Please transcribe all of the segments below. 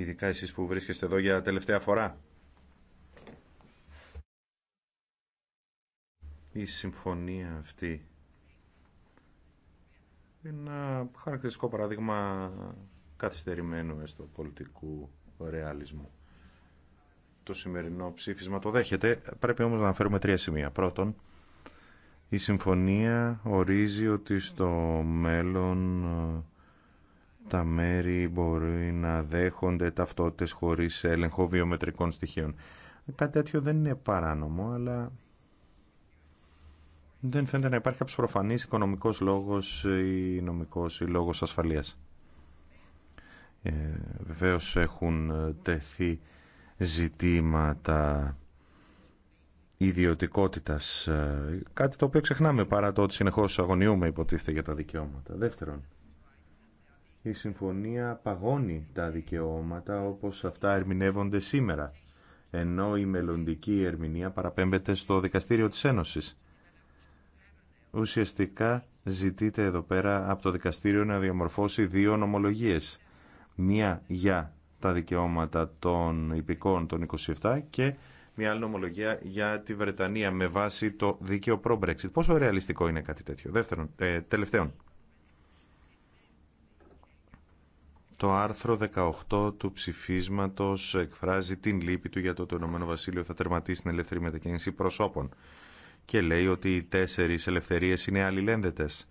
ειδικά εσείς που βρίσκεστε εδώ για τελευταία φορά. Η συμφωνία αυτή είναι ένα χαρακτηριστικό παράδειγμα καθυστερημένου στο πολιτικού ρεαλισμού. Το σημερινό ψήφισμα το δέχεται. Πρέπει όμως να αναφέρουμε τρία σημεία. Πρώτον, η συμφωνία ορίζει ότι στο μέλλον ε, τα μέρη μπορεί να δέχονται ταυτότητες χωρίς έλεγχο βιομετρικών στοιχείων. Κάτι τέτοιο δεν είναι παράνομο, αλλά δεν φαίνεται να υπάρχει κάποιο προφανής οικονομικός λόγος ή νομικός ή λόγος ασφαλείας. Ε, βεβαίως έχουν τεθεί ζητήματα ιδιωτικότητα. Ε, κάτι το οποίο ξεχνάμε παρά το ότι συνεχώς αγωνιούμε υποτίθεται για τα δικαιώματα. Δεύτερον, η συμφωνία παγώνει τα δικαιώματα όπως αυτά ερμηνεύονται σήμερα, ενώ η μελλοντική ερμηνεία παραπέμπεται στο Δικαστήριο της Ένωσης. Ουσιαστικά ζητείται εδώ πέρα από το Δικαστήριο να διαμορφώσει δύο νομολογίες. Μία για τα δικαιώματα των υπηκών των 27 και μια άλλη νομολογία για τη Βρετανία με βάση το δίκαιο προ-Brexit. Πόσο ρεαλιστικό είναι κάτι τέτοιο. Δεύτερον, ε, Το άρθρο 18 του ψηφίσματος εκφράζει την λύπη του για το ότι το Ηνωμένο Βασίλειο θα τερματίσει την ελεύθερη μετακίνηση προσώπων και λέει ότι οι τέσσερις ελευθερίες είναι αλληλένδετες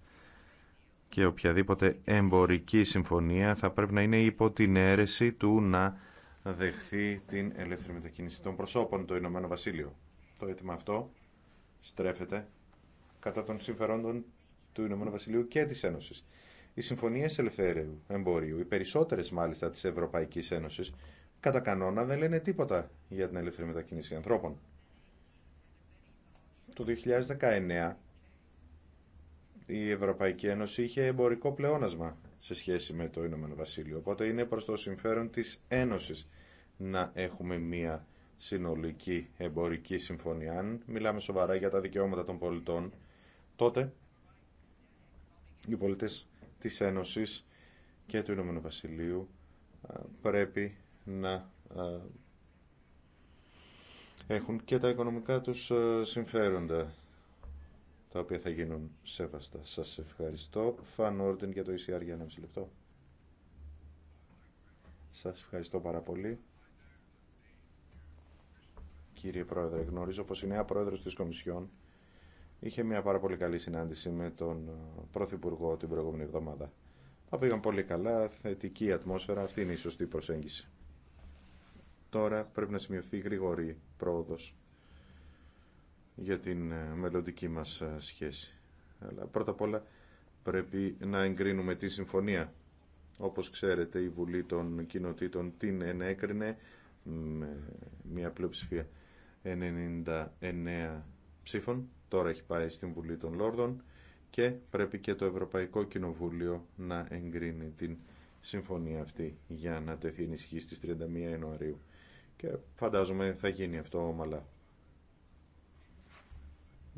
και οποιαδήποτε εμπορική συμφωνία θα πρέπει να είναι υπό την αίρεση του να δεχθεί την ελεύθερη μετακίνηση των προσώπων το Ηνωμένο Βασίλειο. Το αίτημα αυτό στρέφεται κατά των συμφερόντων του Ηνωμένου Βασιλείου και της Ένωσης. Οι συμφωνίε ελευθερίου εμπορίου, οι περισσότερε μάλιστα τη Ευρωπαϊκή Ένωση κατά κανόνα δεν λένε τίποτα για την ελεύθερη μετακίνηση ανθρώπων. Το 2019 η Ευρωπαϊκή Ένωση είχε εμπορικό πλεόνασμα σε σχέση με το Ηνωμένο Βασίλειο, οπότε είναι προ το συμφέρον τη Ένωση να έχουμε μία συνολική εμπορική συμφωνία. Αν μιλάμε σοβαρά για τα δικαιώματα των πολιτών, τότε οι πολίτες της Ένωσης και του Ηνωμένου Βασιλείου πρέπει να έχουν και τα οικονομικά τους συμφέροντα τα οποία θα γίνουν σέβαστα. Σας ευχαριστώ. Φαν για το ECR για ένα λεπτό. Σας ευχαριστώ πάρα πολύ. Κύριε Πρόεδρε, γνωρίζω πως η νέα Πρόεδρος της Κομισιόν Είχε μια πάρα πολύ καλή συνάντηση με τον ε, Πρωθυπουργό την προηγούμενη εβδομάδα. Τα πήγαν πολύ καλά, θετική ατμόσφαιρα, αυτή είναι η σωστή προσέγγιση. Τώρα πρέπει να σημειωθεί γρήγορη πρόοδος για την ε, μελλοντική μας ε, σχέση. Αλλά πρώτα απ' όλα πρέπει να εγκρίνουμε τη συμφωνία. Όπως ξέρετε η Βουλή των Κοινοτήτων την ενέκρινε με μια πλειοψηφία 99 ψήφων Τώρα έχει πάει στην Βουλή των Λόρδων και πρέπει και το Ευρωπαϊκό Κοινοβούλιο να εγκρίνει την συμφωνία αυτή για να τεθεί ενισχύ στις 31 Ιανουαρίου. Και φαντάζομαι θα γίνει αυτό ομαλά.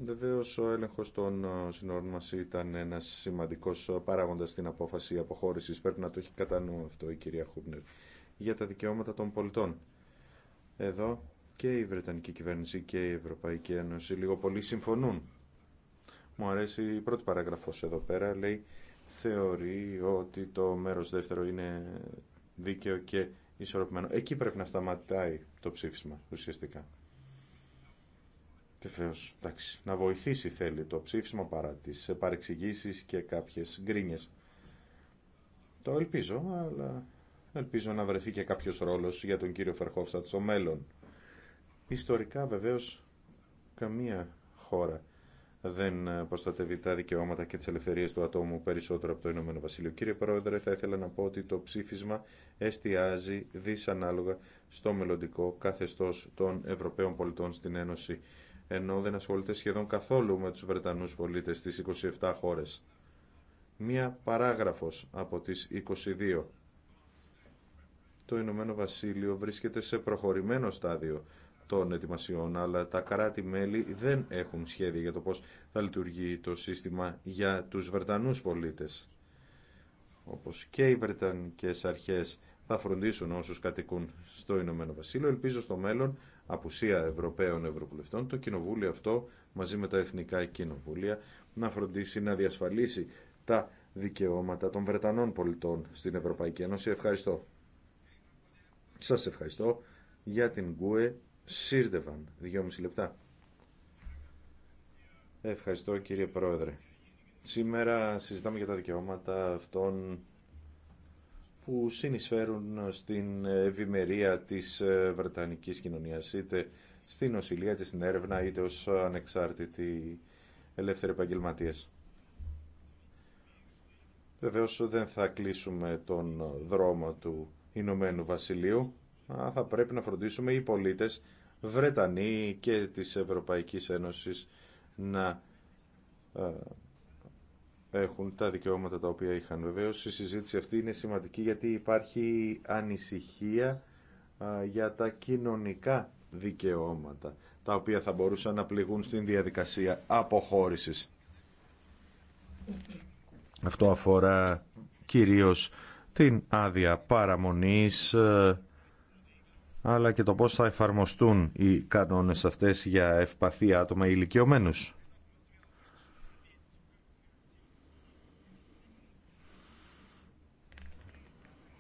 Βεβαίω ο έλεγχο των ε, συνόρων μα ήταν ένα σημαντικό ε, παράγοντα στην απόφαση αποχώρηση. Πρέπει να το έχει κατά νου αυτό η κυρία Χούμπνερ. Για τα δικαιώματα των πολιτών. Εδώ και η Βρετανική κυβέρνηση και η Ευρωπαϊκή Ένωση λίγο πολύ συμφωνούν. Μου αρέσει η πρώτη παράγραφος εδώ πέρα, λέει θεωρεί ότι το μέρος δεύτερο είναι δίκαιο και ισορροπημένο. Εκεί πρέπει να σταματάει το ψήφισμα ουσιαστικά. Βεβαίω, εντάξει, να βοηθήσει θέλει το ψήφισμα παρά τι παρεξηγήσει και κάποιε γκρίνιε. Το ελπίζω, αλλά ελπίζω να βρεθεί και κάποιος ρόλος για τον κύριο Φερχόφστατ στο μέλλον. Ιστορικά βεβαίως καμία χώρα δεν ε, προστατεύει τα δικαιώματα και τις ελευθερίες του ατόμου περισσότερο από το Ηνωμένο Βασίλειο. Κύριε Πρόεδρε, θα ήθελα να πω ότι το ψήφισμα εστιάζει δυσανάλογα στο μελλοντικό καθεστώς των Ευρωπαίων πολιτών στην Ένωση, ενώ δεν ασχολείται σχεδόν καθόλου με τους Βρετανούς πολίτες στις 27 χώρες. Μία παράγραφος από τις 22. Το Ηνωμένο Βασίλειο βρίσκεται σε προχωρημένο στάδιο των ετοιμασιών, αλλά τα κράτη-μέλη δεν έχουν σχέδια για το πώς θα λειτουργεί το σύστημα για τους Βρετανούς πολίτες. Όπως και οι Βρετανικές αρχές θα φροντίσουν όσους κατοικούν στο Ηνωμένο Βασίλειο. Ελπίζω στο μέλλον, απουσία Ευρωπαίων Ευρωβουλευτών, το Κοινοβούλιο αυτό μαζί με τα Εθνικά Κοινοβούλια να φροντίσει να διασφαλίσει τα δικαιώματα των Βρετανών πολιτών στην Ευρωπαϊκή Ένωση. Ευχαριστώ. Σας ευχαριστώ για την ΚΟΕ Σύρδευαν. δυόμιση λεπτά. Ευχαριστώ κύριε Πρόεδρε. Σήμερα συζητάμε για τα δικαιώματα αυτών που συνεισφέρουν στην ευημερία της ε, Βρετανικής κοινωνίας, είτε στην οσυλία, είτε στην έρευνα, είτε ως ανεξάρτητοι ελεύθεροι επαγγελματίε. Βεβαίω δεν θα κλείσουμε τον δρόμο του Ηνωμένου Βασιλείου, θα πρέπει να φροντίσουμε οι πολίτες Βρετανοί και της Ευρωπαϊκής Ένωσης να ε, έχουν τα δικαιώματα τα οποία είχαν. Βεβαίως η συζήτηση αυτή είναι σημαντική γιατί υπάρχει ανησυχία ε, για τα κοινωνικά δικαιώματα τα οποία θα μπορούσαν να πληγούν στην διαδικασία αποχώρησης. Αυτό αφορά κυρίως την άδεια παραμονής, ε, αλλά και το πώς θα εφαρμοστούν οι κανόνες αυτές για ευπαθή άτομα ηλικιωμένους.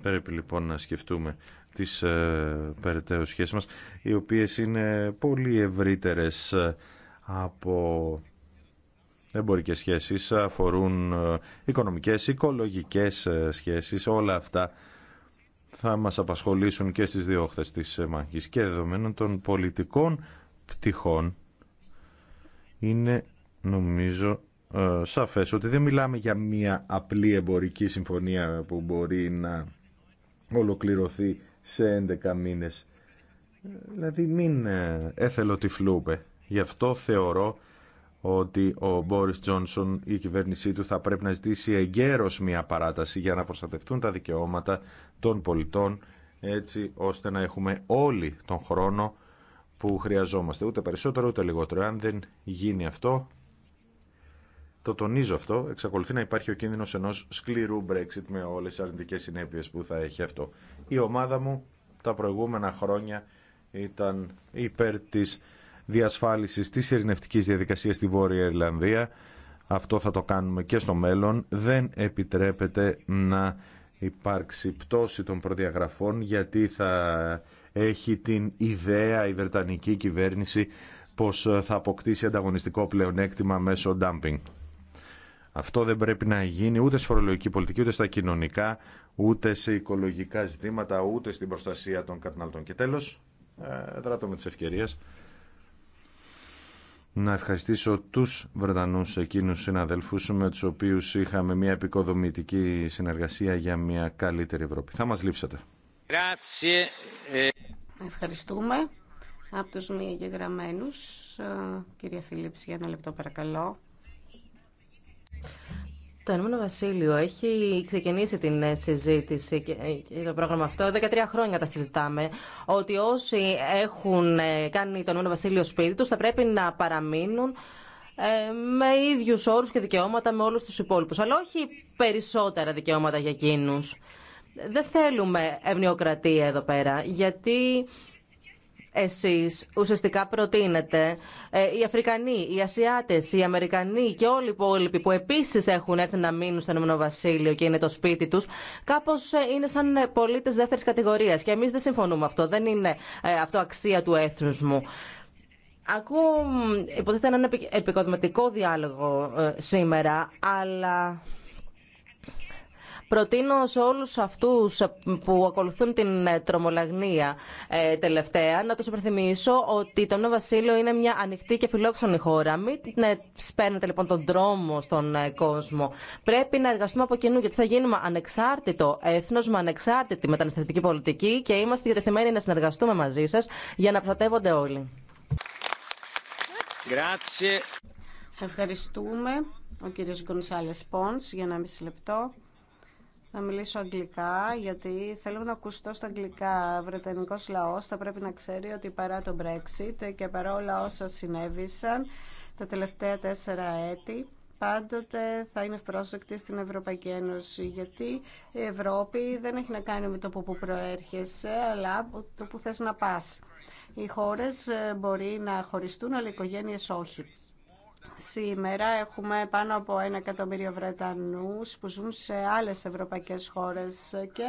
Πρέπει λοιπόν να σκεφτούμε τις ε, περαιτέρω σχέσεις μας, οι οποίες είναι πολύ ευρύτερες ε, από εμπορικές σχέσεις, αφορούν ε, οικονομικές, οικολογικές ε, σχέσεις, όλα αυτά θα μας απασχολήσουν και στις δύο χθες της μάχης και δεδομένων των πολιτικών πτυχών είναι νομίζω ε, σαφές ότι δεν μιλάμε για μια απλή εμπορική συμφωνία που μπορεί να ολοκληρωθεί σε 11 μήνες. Δηλαδή μην ε, έθελο τυφλούπε. Γι' αυτό θεωρώ ότι ο Μπόρις Τζόνσον, η κυβέρνησή του, θα πρέπει να ζητήσει εγκαίρως μια παράταση για να προστατευτούν τα δικαιώματα των πολιτών, έτσι ώστε να έχουμε όλοι τον χρόνο που χρειαζόμαστε. Ούτε περισσότερο, ούτε λιγότερο. Αν δεν γίνει αυτό, το τονίζω αυτό, εξακολουθεί να υπάρχει ο κίνδυνος ενός σκληρού Brexit με όλες τις αρνητικές συνέπειες που θα έχει αυτό. Η ομάδα μου τα προηγούμενα χρόνια ήταν υπέρ Διασφάλιση τη ειρηνευτική διαδικασία στη Βόρεια Ιρλανδία. Αυτό θα το κάνουμε και στο μέλλον. Δεν επιτρέπεται να υπάρξει πτώση των προδιαγραφών γιατί θα έχει την ιδέα η Βρετανική κυβέρνηση πως θα αποκτήσει ανταγωνιστικό πλεονέκτημα μέσω dumping. Αυτό δεν πρέπει να γίνει ούτε σε φορολογική πολιτική, ούτε στα κοινωνικά, ούτε σε οικολογικά ζητήματα, ούτε στην προστασία των καταναλωτών. Και τέλος, ε, δράτω με τις ευκαιρίες να ευχαριστήσω τους Βρετανούς εκείνους συναδέλφους με τους οποίους είχαμε μια επικοδομητική συνεργασία για μια καλύτερη Ευρώπη. Θα μας λείψατε. Ευχαριστούμε. Από τους μη εγγεγραμμένους, ε, κυρία Φιλίπς, για ένα λεπτό παρακαλώ. Το Ηνωμένο Βασίλειο έχει ξεκινήσει την ε, συζήτηση και ε, το πρόγραμμα αυτό. 13 χρόνια τα συζητάμε. Ότι όσοι έχουν ε, κάνει το Ηνωμένο Βασίλειο σπίτι του θα πρέπει να παραμείνουν με ίδιου όρου και δικαιώματα με όλου του υπόλοιπου. Αλλά όχι περισσότερα δικαιώματα για εκείνου. Δεν θέλουμε ευνοιοκρατία εδώ πέρα, γιατί εσείς ουσιαστικά προτείνετε ε, οι Αφρικανοί, οι Ασιάτες, οι Αμερικανοί και όλοι οι υπόλοιποι που επίσης έχουν έρθει να μείνουν στον Ηνωμένο Βασίλειο και είναι το σπίτι τους κάπως ε, είναι σαν πολίτες δεύτερης κατηγορίας και εμείς δεν συμφωνούμε αυτό, δεν είναι ε, αυτό αξία του έθνους μου. Ακούω υποτίθεται έναν επικοδηματικό διάλογο σήμερα, αλλά Προτείνω σε όλους αυτούς που ακολουθούν την ε, τρομολαγνία ε, τελευταία να τους υπενθυμίσω ότι το Νέο Βασίλειο είναι μια ανοιχτή και φιλόξενη χώρα. Μην ε, σπέρνετε λοιπόν τον τρόμο στον κόσμο. Πρέπει να εργαστούμε από κοινού γιατί θα γίνουμε ανεξάρτητο έθνος με ανεξάρτητη μεταναστευτική πολιτική και είμαστε διατεθειμένοι να συνεργαστούμε μαζί σας για να προστατεύονται όλοι. Ευχαριστούμε ο κύριος Γκονσάλες Πόνς για ένα μισή λεπτό. Να μιλήσω αγγλικά γιατί θέλω να ακουστώ στα αγγλικά. Ο Βρετανικός λαός θα πρέπει να ξέρει ότι παρά το Brexit και παρά όλα όσα συνέβησαν τα τελευταία τέσσερα έτη πάντοτε θα είναι ευπρόσδεκτη στην Ευρωπαϊκή Ένωση γιατί η Ευρώπη δεν έχει να κάνει με το που προέρχεσαι αλλά το που θες να πας. Οι χώρες ε, μπορεί να χωριστούν αλλά οι οικογένειες όχι. Σήμερα έχουμε πάνω από ένα εκατομμύριο Βρετανούς που ζουν σε άλλες ευρωπαϊκές χώρες και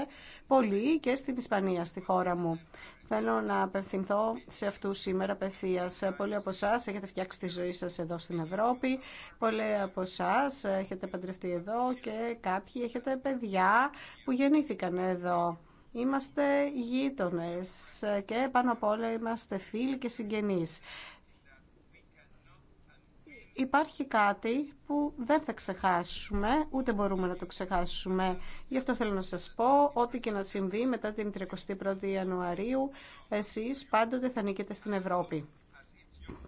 πολλοί και στην Ισπανία, στη χώρα μου. Θέλω να απευθυνθώ σε αυτού σήμερα απευθεία. Πολλοί από εσά έχετε φτιάξει τη ζωή σα εδώ στην Ευρώπη. Πολλοί από εσά έχετε παντρευτεί εδώ και κάποιοι έχετε παιδιά που γεννήθηκαν εδώ. Είμαστε γείτονες και πάνω απ' όλα είμαστε φίλοι και συγγενείς υπάρχει κάτι που δεν θα ξεχάσουμε, ούτε μπορούμε να το ξεχάσουμε. Γι' αυτό θέλω να σας πω, ό,τι και να συμβεί μετά την 31η Ιανουαρίου, εσείς πάντοτε θα νικείτε στην Ευρώπη.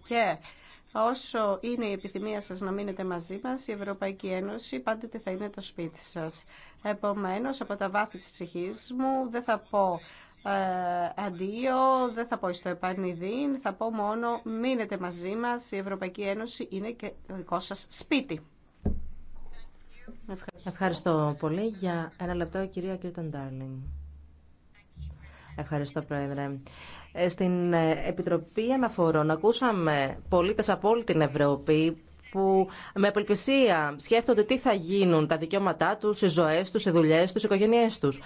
Και όσο είναι η ιανουαριου εσεις παντοτε θα νικετε στην ευρωπη και οσο ειναι η επιθυμια σας να μείνετε μαζί μας, η Ευρωπαϊκή Ένωση πάντοτε θα είναι το σπίτι σας. Επομένως, από τα βάθη της ψυχής μου, δεν θα πω ε, αντίο, δεν θα πω στο επανειδήν, θα πω μόνο μείνετε μαζί μας, η Ευρωπαϊκή Ένωση είναι και το δικό σας σπίτι. Ευχαριστώ. πολύ. Για ένα λεπτό, κυρία Κίρτον Ντάρλινγκ. Ευχαριστώ, Πρόεδρε. Ε, στην ε, Επιτροπή Αναφορών ακούσαμε πολίτες από όλη την Ευρώπη που με απελπισία σκέφτονται τι θα γίνουν τα δικαιώματά τους, οι ζωές τους, οι δουλειές τους, οι οικογένειές τους.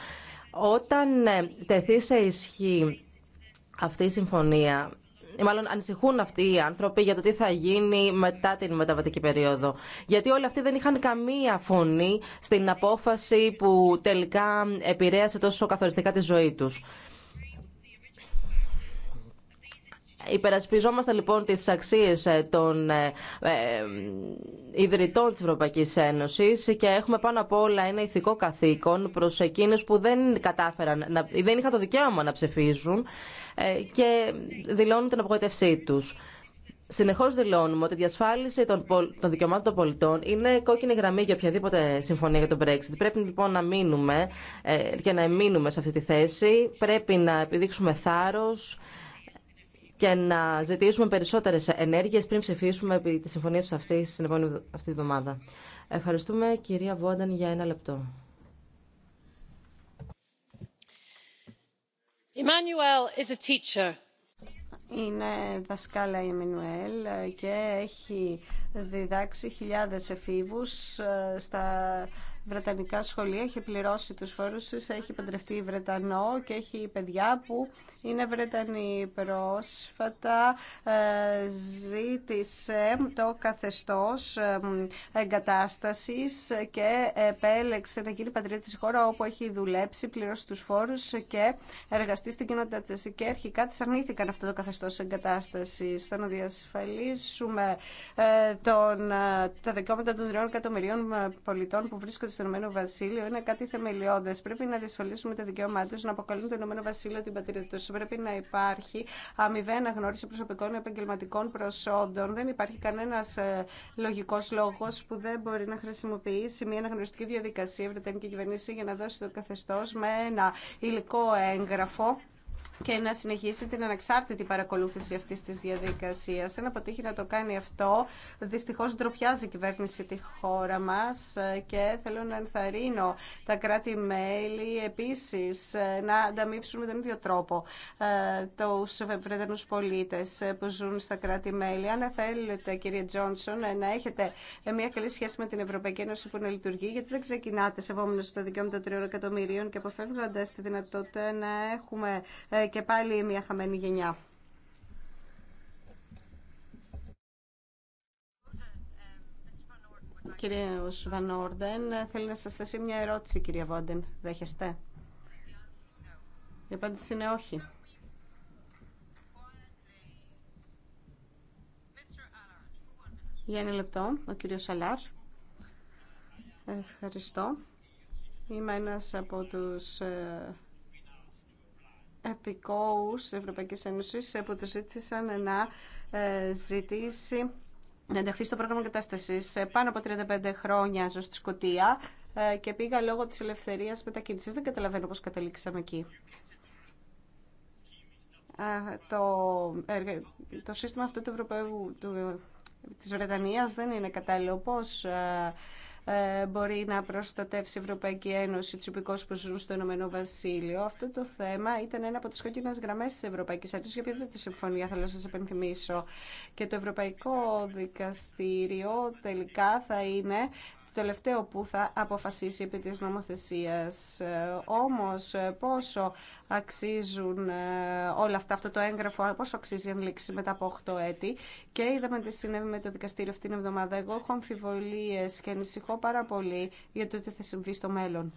Όταν ε, τεθεί σε ισχύ αυτή η συμφωνία, ε, μάλλον ανησυχούν αυτοί οι άνθρωποι για το τι θα γίνει μετά την μεταβατική περίοδο. Γιατί όλοι αυτοί δεν είχαν καμία φωνή στην απόφαση που τελικά επηρέασε τόσο καθοριστικά τη ζωή τους. Υπερασπιζόμαστε λοιπόν τις αξίες ε, των ε, ε, ιδρυτών της Ευρωπαϊκής Ένωσης και έχουμε πάνω απ' όλα ένα ηθικό καθήκον προς εκείνους που δεν κατάφεραν, δεν είχαν το δικαίωμα να ψηφίζουν και δηλώνουν την απογοητευσή τους. Συνεχώς δηλώνουμε ότι η διασφάλιση των, των δικαιωμάτων των πολιτών είναι κόκκινη γραμμή για οποιαδήποτε συμφωνία για τον Brexit. Πρέπει λοιπόν να μείνουμε και να εμείνουμε σε αυτή τη θέση. Πρέπει να επιδείξουμε θάρρος, και να ζητήσουμε περισσότερε ενέργειε πριν ψηφίσουμε επί τη συμφωνία αυτή την επόμενη εβδομάδα. Ευχαριστούμε, κυρία Βόνταν, για ένα λεπτό. Emmanuel Είναι δασκάλα η Εμμανουέλ και έχει διδάξει χιλιάδες εφήβους ε, στα βρετανικά σχολεία, έχει πληρώσει τους φόρους της, έχει παντρευτεί Βρετανό και έχει παιδιά που είναι Βρετανοί. Πρόσφατα ε, ζήτησε το καθεστώς ε, εγκατάστασης και επέλεξε να γίνει πατρίδα της χώρα όπου έχει δουλέψει, πληρώσει τους φόρους και εργαστεί στην κοινότητα της. Και αρχικά της αρνήθηκαν αυτό το καθεστώς εγκατάστασης. Στο να διασφαλίσουμε ε, τον, τα δικαιώματα των τριών εκατομμυρίων πολιτών που βρίσκονται στο Ηνωμένο Βασίλειο είναι κάτι θεμελιώδε. Πρέπει να διασφαλίσουμε τα δικαιώματά του να αποκαλούν το Ηνωμένο Βασίλειο την πατρίδα του. Πρέπει να υπάρχει αμοιβή αναγνώριση προσωπικών επαγγελματικών προσόντων. Δεν υπάρχει κανένα ε, λογικό λόγο που δεν μπορεί να χρησιμοποιήσει μια αναγνωριστική διαδικασία η Βρετανική κυβέρνηση για να δώσει το καθεστώ με ένα υλικό έγγραφο και να συνεχίσει την ανεξάρτητη παρακολούθηση αυτή τη διαδικασία. Αν αποτύχει να το κάνει αυτό, δυστυχώ ντροπιάζει η κυβέρνηση τη χώρα μα και θέλω να ενθαρρύνω τα κράτη-μέλη επίση να ανταμείψουν με τον ίδιο τρόπο ε, του Βρετανού πολίτε που ζουν στα κράτη-μέλη. Αν θέλετε, κύριε Τζόνσον, να έχετε μια καλή σχέση με την Ευρωπαϊκή Ένωση που να λειτουργεί, γιατί δεν ξεκινάτε σεβόμενο τα δικαιώματα τριών εκατομμυρίων και αποφεύγοντα τη δυνατότητα να έχουμε ε, και πάλι μια χαμένη γενιά. Κύριε Βανόρντεν, θέλει να σας θέσει μια ερώτηση, κύριε Βόντεν. Δέχεστε. Η απάντηση είναι όχι. Για ένα λεπτό, ο κύριος Σαλάρ. Ευχαριστώ. Είμαι ένας από τους ε, επικόους Ευρωπαϊκής Ένωσης που του ζήτησαν να ε, ζητήσει να ενταχθεί στο πρόγραμμα κατάστασης. Πάνω από 35 χρόνια ζω στη Σκωτία ε, και πήγα λόγω της ελευθερίας μετακίνησης. Δεν καταλαβαίνω πώς καταλήξαμε εκεί. Το, το σύστημα αυτό του Ευρωπαίου, του, της Βρετανίας δεν είναι κατάλληλο. Πώς ε, ε, μπορεί να προστατεύσει η Ευρωπαϊκή Ένωση του υπηκόου που ζουν στο Ηνωμένο Βασίλειο. Αυτό το θέμα ήταν ένα από τι κόκκινε γραμμέ τη Ευρωπαϊκή Ένωση για ποιο τη συμφωνία, θέλω να σα επενθυμίσω. Και το Ευρωπαϊκό Δικαστήριο τελικά θα είναι το τελευταίο που θα αποφασίσει επί της νομοθεσίας. Ε, όμως ε, πόσο αξίζουν ε, όλα αυτά, αυτό το έγγραφο, πόσο αξίζει η εμλήξη μετά από 8 έτη και είδαμε τι συνέβη με το δικαστήριο αυτήν την εβδομάδα. Εγώ έχω αμφιβολίες και ανησυχώ πάρα πολύ για το τι θα συμβεί στο μέλλον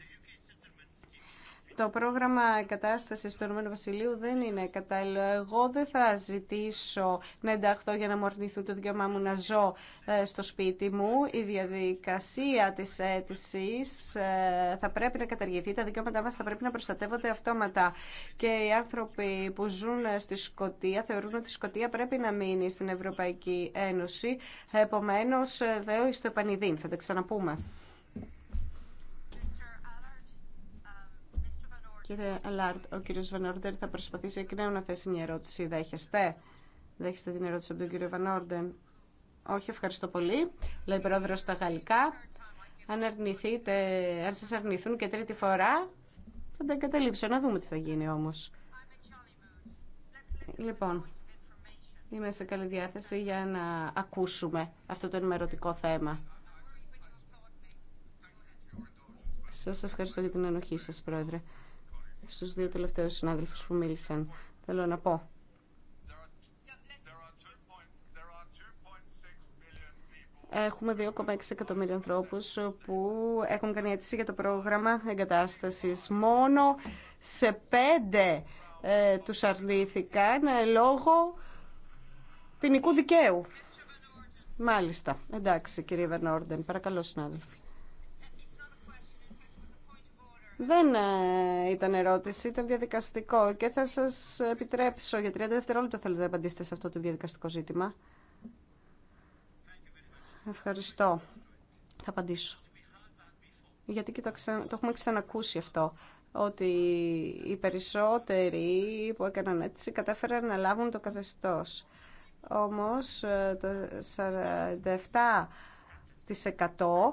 το πρόγραμμα κατάσταση του Ηνωμένου Βασιλείου δεν είναι κατάλληλο. Εγώ δεν θα ζητήσω να ενταχθώ για να μου το δικαίωμά μου να ζω ε, στο σπίτι μου. Η διαδικασία της αίτηση ε, θα πρέπει να καταργηθεί. Τα δικαιώματά μα θα πρέπει να προστατεύονται αυτόματα. Και οι άνθρωποι που ζουν ε, στη Σκωτία θεωρούν ότι η Σκωτία πρέπει να μείνει στην Ευρωπαϊκή Ένωση. Επομένω, βέβαια, στο επανειδήν. Θα τα ξαναπούμε. Κύριε Ελάρτ, ο κύριος Βανόρντερ θα προσπαθήσει εκ νέου να θέσει μια ερώτηση. Δέχεστε. Δέχεστε την ερώτηση από τον κύριο Ορντερ. Όχι, ευχαριστώ πολύ. Λέει πρόεδρο στα γαλλικά. Αν, αρνηθείτε, αν σας αρνηθούν και τρίτη φορά, θα τα εγκαταλείψω. Να δούμε τι θα γίνει όμω. Λοιπόν, είμαι σε καλή διάθεση για να ακούσουμε αυτό το ενημερωτικό θέμα. Σας ευχαριστώ για την ενοχή σας, Πρόεδρε στους δύο τελευταίους συνάδελφους που μίλησαν. Θέλω να πω. Έχουμε 2,6 εκατομμύρια ανθρώπους που έχουν κάνει αίτηση για το πρόγραμμα εγκατάστασης. Μόνο σε πέντε ε, τους αρνήθηκαν ε, λόγω ποινικού δικαίου. Μάλιστα. Εντάξει, κύριε Βερνόρντεν. Παρακαλώ, συνάδελφοι. Δεν ε, ήταν ερώτηση, ήταν διαδικαστικό και θα σας επιτρέψω για 30 δευτερόλεπτα θέλετε να απαντήσετε σε αυτό το διαδικαστικό ζήτημα. Ευχαριστώ. Θα απαντήσω. Γιατί και το, το έχουμε ξανακούσει αυτό ότι οι περισσότεροι που έκαναν έτσι κατάφεραν να λάβουν το καθεστώς. Όμως ε, το 47%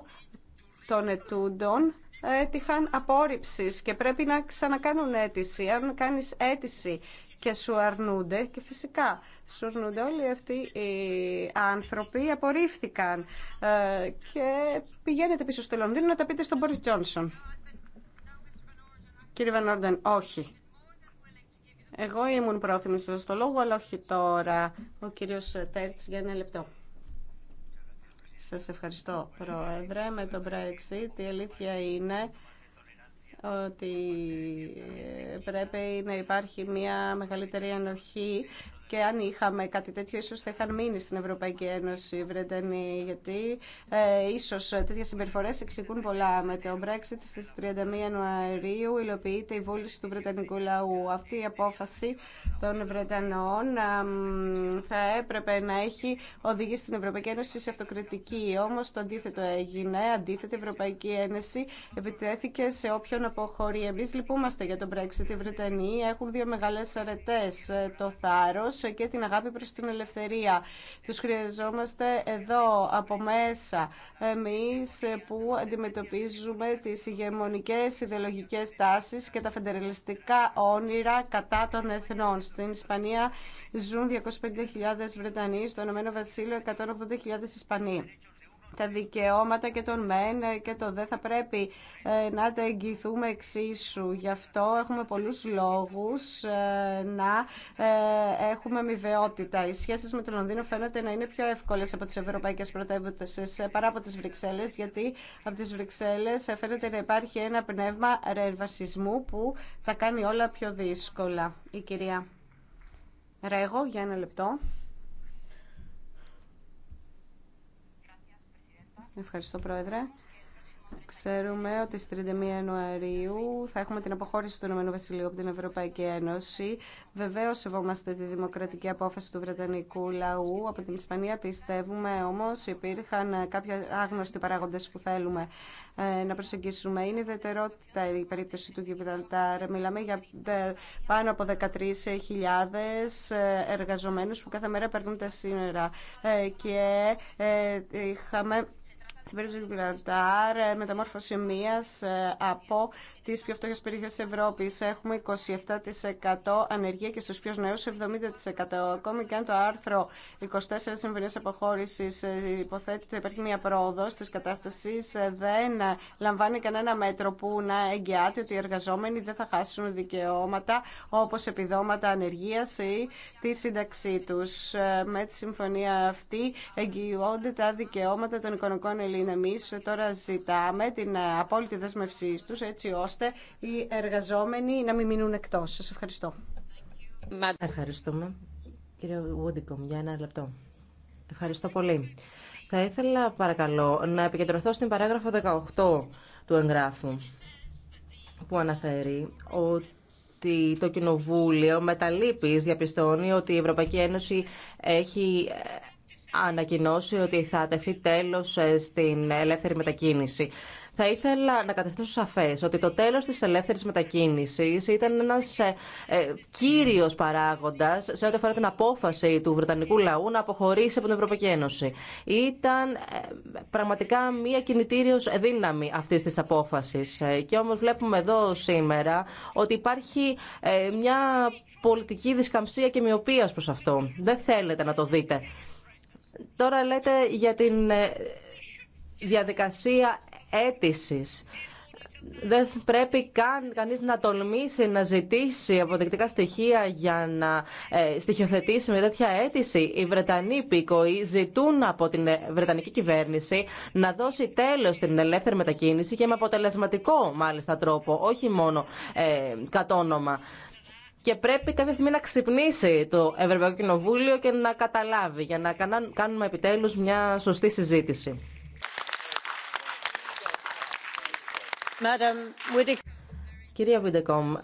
των ετούντων έτυχαν απόρριψης και πρέπει να ξανακάνουν αίτηση. Αν κάνεις αίτηση και σου αρνούνται και φυσικά σου αρνούνται όλοι αυτοί οι άνθρωποι απορρίφθηκαν ε, και πηγαίνετε πίσω στο Λονδίνο να τα πείτε στον Μπόρις Τζόνσον. Κύριε Βανόρντεν, όχι. Εγώ ήμουν πρόθυμη να το λόγο, αλλά όχι τώρα. Ο κύριος Τέρτς για ένα λεπτό. Σας ευχαριστώ, Πρόεδρε. Με το Brexit η αλήθεια είναι ότι ε, πρέπει να υπάρχει μια μεγαλύτερη ανοχή και αν είχαμε κάτι τέτοιο ίσω θα είχαν μείνει στην Ευρωπαϊκή Ένωση οι Βρετανοί γιατί ε, ίσως τέτοιες συμπεριφορές εξηγούν πολλά. Με το Brexit στι 31 Ιανουαρίου υλοποιείται η βούληση του Βρετανικού λαού. Αυτή η απόφαση των Βρετανών θα έπρεπε να έχει οδηγήσει την Ευρωπαϊκή Ένωση σε αυτοκριτική. Όμω το αντίθετο έγινε. Αντίθετη η Ευρωπαϊκή Ένωση επιτέθηκε σε όποιον αποχωρεί. Εμεί λυπούμαστε για το Brexit. Οι Βρετανοί έχουν δύο μεγαλέ αρετέ. Ε, το θάρρο και την αγάπη προς την ελευθερία. Τους χρειαζόμαστε εδώ από μέσα εμείς που αντιμετωπίζουμε τις ηγεμονικές ιδεολογικές τάσεις και τα φεντερελιστικά όνειρα κατά των εθνών. Στην Ισπανία ζουν 250.000 Βρετανοί, στο Ηνωμένο Βασίλειο 180.000 Ισπανοί τα δικαιώματα και των μεν και το δε θα πρέπει ε, να τα εγγυηθούμε εξίσου. Γι' αυτό έχουμε πολλούς λόγους ε, να ε, έχουμε αμοιβαιότητα. Οι σχέσεις με το Λονδίνο φαίνεται να είναι πιο εύκολες από τις ευρωπαϊκές πρωτεύουσες παρά από τις Βρυξέλλες, γιατί από τις Βρυξέλλες φαίνεται να υπάρχει ένα πνεύμα ρευαρσισμού που θα κάνει όλα πιο δύσκολα. Η κυρία Ρέγο, για ένα λεπτό. Ευχαριστώ, Πρόεδρε. Ξέρουμε ότι στις 31 Ιανουαρίου θα έχουμε την αποχώρηση του Ηνωμένου Βασιλείου από την Ευρωπαϊκή Ένωση. Βεβαίω σεβόμαστε τη δημοκρατική απόφαση του Βρετανικού λαού από την Ισπανία. Πιστεύουμε όμως υπήρχαν κάποιοι άγνωστοι παράγοντε που θέλουμε ε, να προσεγγίσουμε. Είναι ιδιαιτερότητα η περίπτωση του Γιβραλτάρ. Μιλάμε για ε, πάνω από 13.000 ε, εργαζομένους που κάθε μέρα περνούν τα σύνορα. Και είχαμε στην περίπτωση του Γιβραλτάρ, ε, μεταμόρφωση μία ε, από τι πιο φτωχέ περιοχέ τη Ευρώπη. Έχουμε 27% ανεργία και στου πιο νέου 70%. Ακόμη και αν το άρθρο 24 Συμφωνία Αποχώρηση ε, υποθέτει ότι υπάρχει μία πρόοδο τη κατάσταση, δεν λαμβάνει κανένα μέτρο που να εγγυάται ότι οι εργαζόμενοι δεν θα χάσουν δικαιώματα όπω επιδόματα ανεργία ή τη σύνταξή του. Με τη συμφωνία αυτή εγγυώνται τα δικαιώματα των οικονομικών ελλήνων είναι Εμείς τώρα ζητάμε την απόλυτη δέσμευσή τους έτσι ώστε οι εργαζόμενοι να μην μείνουν εκτός. Σας ευχαριστώ. Ευχαριστούμε. Κύριε Βούντικομ, για ένα λεπτό. Ευχαριστώ πολύ. Θα ήθελα παρακαλώ να επικεντρωθώ στην παράγραφο 18 του εγγράφου που αναφέρει ότι το Κοινοβούλιο με τα διαπιστώνει ότι η Ευρωπαϊκή Ένωση έχει ανακοινώσει ότι θα τεθεί τέλος ε, στην ελεύθερη μετακίνηση. Θα ήθελα να καταστήσω σαφές ότι το τέλος της ελεύθερης μετακίνησης ήταν ένας ε, ε, κύριος παράγοντας σε ό,τι αφορά την απόφαση του Βρετανικού λαού να αποχωρήσει από την Ευρωπαϊκή Ένωση. Ήταν πραγματικά μία κινητήριος δύναμη αυτής της απόφασης. Και όμως βλέπουμε εδώ σήμερα ότι υπάρχει μια πολιτική δισκαμψία και μοιοπίας προς αυτό. Δεν θέλετε να το δείτε. Τώρα λέτε για την ε, διαδικασία αίτησης. Δεν πρέπει καν κανείς να τολμήσει να ζητήσει αποδεικτικά στοιχεία για να ε, στοιχειοθετήσει με τέτοια αίτηση. Οι Βρετανοί πικοί ζητούν από την ε, Βρετανική κυβέρνηση να δώσει τέλος στην ελεύθερη μετακίνηση και με αποτελεσματικό μάλιστα τρόπο, όχι μόνο ε, κατόνομα. Και πρέπει κάποια στιγμή να ξυπνήσει το Ευρωπαϊκό Κοινοβούλιο και να καταλάβει για να κάνουμε επιτέλους μια σωστή συζήτηση. Κυρία Βιντεκόμ,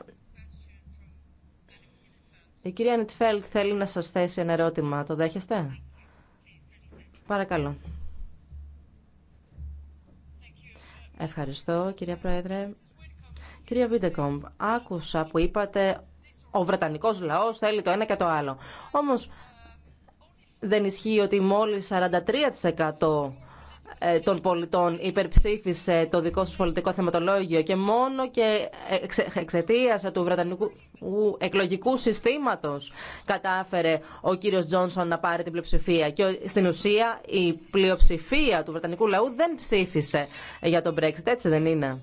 η κυρία Νιτφέλτ θέλει να σας θέσει ένα ερώτημα. Το δέχεστε? Παρακαλώ. Ευχαριστώ, κυρία Πρόεδρε. Κυρία Βιντεκόμ, άκουσα που είπατε ο Βρετανικός λαός θέλει το ένα και το άλλο. Όμω, δεν ισχύει ότι μόλις 43% ε, των πολιτών υπερψήφισε το δικό σας πολιτικό θεματολόγιο και μόνο και εξαιτία του Βρετανικού εκλογικού συστήματος κατάφερε ο κύριος Τζόνσον να πάρει την πλειοψηφία και στην ουσία η πλειοψηφία του Βρετανικού λαού δεν ψήφισε για τον Brexit, έτσι δεν είναι.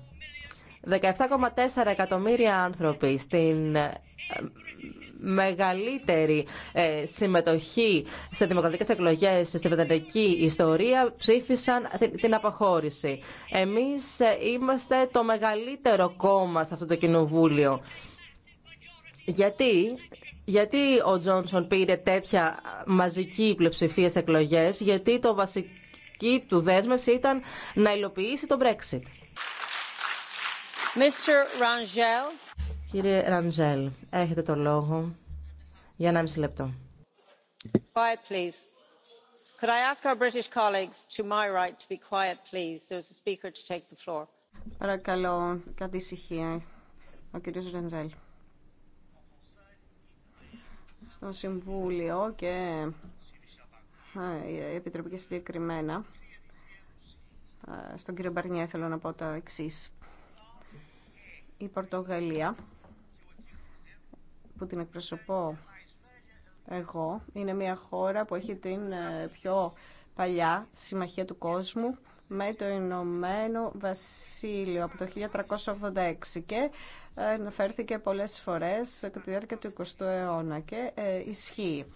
17,4 εκατομμύρια άνθρωποι στην μεγαλύτερη ε, συμμετοχή σε δημοκρατικές εκλογές στη βρετανική ιστορία ψήφισαν την αποχώρηση. Εμείς ε, είμαστε το μεγαλύτερο κόμμα σε αυτό το κοινοβούλιο. Γιατί γιατί ο Τζόνσον πήρε τέτοια ε, μαζική πλειοψηφία σε εκλογές, γιατί το βασική του δέσμευση ήταν να υλοποιήσει το Brexit. Mr. Rangel. Κύριε Ραντζέλ, έχετε το λόγο για ένα μισή λεπτό. Quiet, please. Could I ask our British colleagues to my right to be quiet, please? There's a speaker to take the floor. Παρακαλώ, κάτι ησυχία. Ο κύριος Ραντζέλ. Στο Συμβούλιο και η Επιτροπή και συγκεκριμένα στον κύριο Μπαρνιέ θέλω να πω τα εξής. Η Πορτογαλία που την εκπροσωπώ εγώ, είναι μια χώρα που έχει την ε, πιο παλιά συμμαχία του κόσμου με το Ηνωμένο Βασίλειο από το 1386 και ε, αναφέρθηκε πολλές φορές κατά τη διάρκεια του 20ου αιώνα και ε, ισχύει.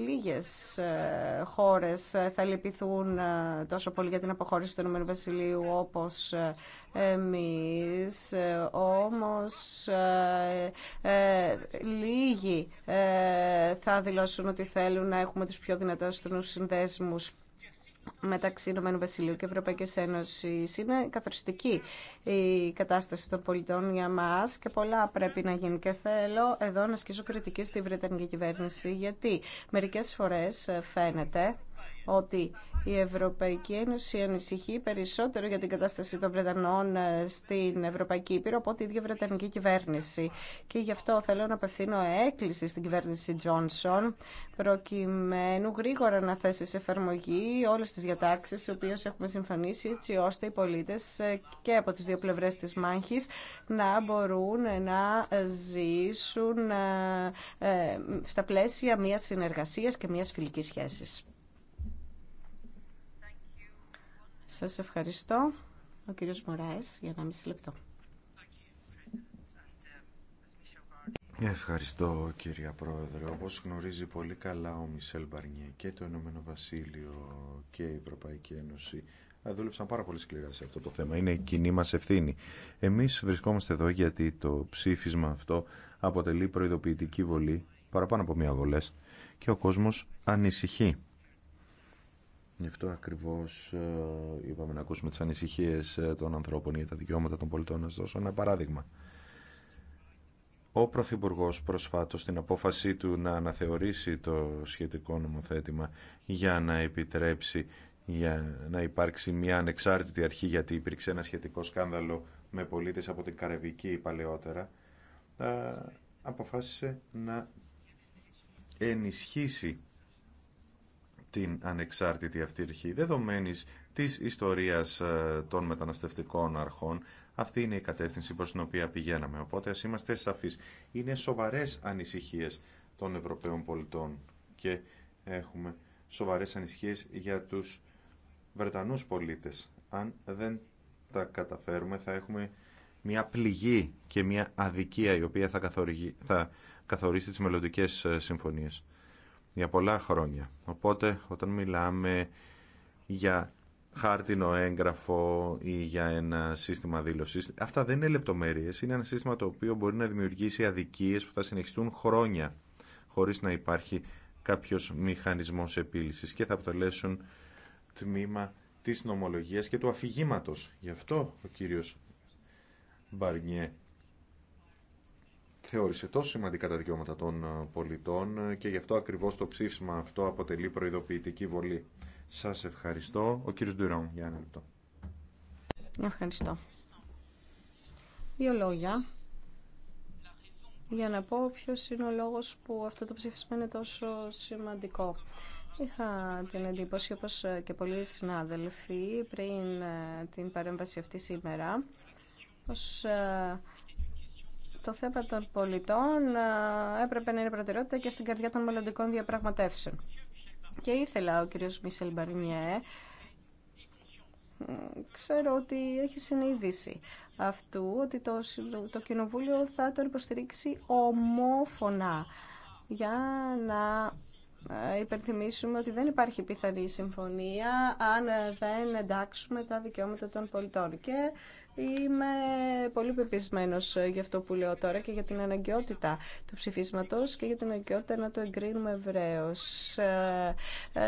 Λίγες ε, χώρες ε, θα λυπηθούν ε, τόσο πολύ για την αποχώρηση του Ηνωμένου Βασιλείου όπως εμείς, όμως λίγοι θα δηλώσουν ότι θέλουν να έχουμε τους πιο δυνατούς συνδέσμους μεταξύ Ηνωμένου Βασιλείου και Ευρωπαϊκής Ένωσης είναι καθοριστική η κατάσταση των πολιτών για μας και πολλά πρέπει να γίνουν και θέλω εδώ να σκίσω κριτική στη Βρετανική κυβέρνηση γιατί μερικές φορές φαίνεται ότι η Ευρωπαϊκή Ένωση ανησυχεί περισσότερο για την κατάσταση των Βρετανών ε, στην Ευρωπαϊκή Ήπειρο από την ίδια Βρετανική κυβέρνηση. Και γι' αυτό θέλω να απευθύνω έκκληση στην κυβέρνηση Τζόνσον, προκειμένου γρήγορα να θέσει σε εφαρμογή όλε τι διατάξει, οι οποίε έχουμε συμφωνήσει, έτσι ώστε οι πολίτε ε, και από τι δύο πλευρέ τη μάχη να μπορούν ε, να ζήσουν στα πλαίσια μια συνεργασία και μια φιλική σχέση. Σας ευχαριστώ. Ο κύριος Μωράης για ένα μισή λεπτό. Ευχαριστώ κύριε Πρόεδρε. Όπως γνωρίζει πολύ καλά ο Μισελ Μπαρνιέ και το Ηνωμένο Βασίλειο και η Ευρωπαϊκή Ένωση δούλεψαν πάρα πολύ σκληρά σε αυτό το θέμα. Είναι η κοινή μας ευθύνη. Εμείς βρισκόμαστε εδώ γιατί το ψήφισμα αυτό αποτελεί προειδοποιητική βολή, παραπάνω από μία βολές, και ο κόσμος ανησυχεί. Γι' αυτό ακριβώς ε, είπαμε να ακούσουμε τι ανησυχίε ε, των ανθρώπων για τα δικαιώματα των πολιτών. Να δώσω ένα παράδειγμα. Ο Πρωθυπουργό προσφάτως στην απόφασή του να αναθεωρήσει το σχετικό νομοθέτημα για να επιτρέψει για να υπάρξει μια ανεξάρτητη αρχή γιατί υπήρξε ένα σχετικό σκάνδαλο με πολίτες από την Καραβική παλαιότερα ε, αποφάσισε να ενισχύσει την ανεξάρτητη αυτή αρχή. Δεδομένης της ιστορίας ε, των μεταναστευτικών αρχών, αυτή είναι η κατεύθυνση προς την οποία πηγαίναμε. Οπότε ας είμαστε σαφείς. Είναι σοβαρές ανησυχίες των Ευρωπαίων πολιτών και έχουμε σοβαρές ανησυχίες για τους Βρετανούς πολίτες. Αν δεν τα καταφέρουμε θα έχουμε μια πληγή και μια αδικία η οποία θα, καθορίσει τις μελλοντικέ ε, συμφωνίες για πολλά χρόνια. Οπότε όταν μιλάμε για χάρτινο έγγραφο ή για ένα σύστημα δήλωσης, αυτά δεν είναι λεπτομέρειες, είναι ένα σύστημα το οποίο μπορεί να δημιουργήσει αδικίες που θα συνεχιστούν χρόνια χωρίς να υπάρχει κάποιος μηχανισμός επίλυσης και θα αποτελέσουν τμήμα της νομολογίας και του αφηγήματο. Γι' αυτό ο κύριος Μπαρνιέ θεώρησε τόσο σημαντικά τα δικαιώματα των ε, πολιτών ε, και γι' αυτό ακριβώς το ψήφισμα αυτό αποτελεί προειδοποιητική βολή. Σας ευχαριστώ. Ο κύριος Ντουρόν, για ένα λεπτό. Ευχαριστώ. Δύο λόγια για να πω ποιο είναι ο λόγος που αυτό το ψήφισμα είναι τόσο σημαντικό. Είχα την εντύπωση, όπως και πολλοί συνάδελφοι, πριν ε, την παρέμβαση αυτή σήμερα, πως το θέμα των πολιτών ε, έπρεπε να είναι προτεραιότητα και στην καρδιά των μελλοντικών διαπραγματεύσεων. Και ήθελα ο κύριος Μισελ Μπαρνιέ, ξέρω ότι έχει συνείδηση αυτού, ότι το, το Κοινοβούλιο θα το υποστηρίξει ομόφωνα για να ε, υπενθυμίσουμε ότι δεν υπάρχει πιθανή συμφωνία αν δεν εντάξουμε τα δικαιώματα των πολιτών. Είμαι πολύ πεπισμένο για αυτό που λέω τώρα και για την αναγκαιότητα του ψηφίσματο και για την αναγκαιότητα να το εγκρίνουμε ευρέω. Ε, ε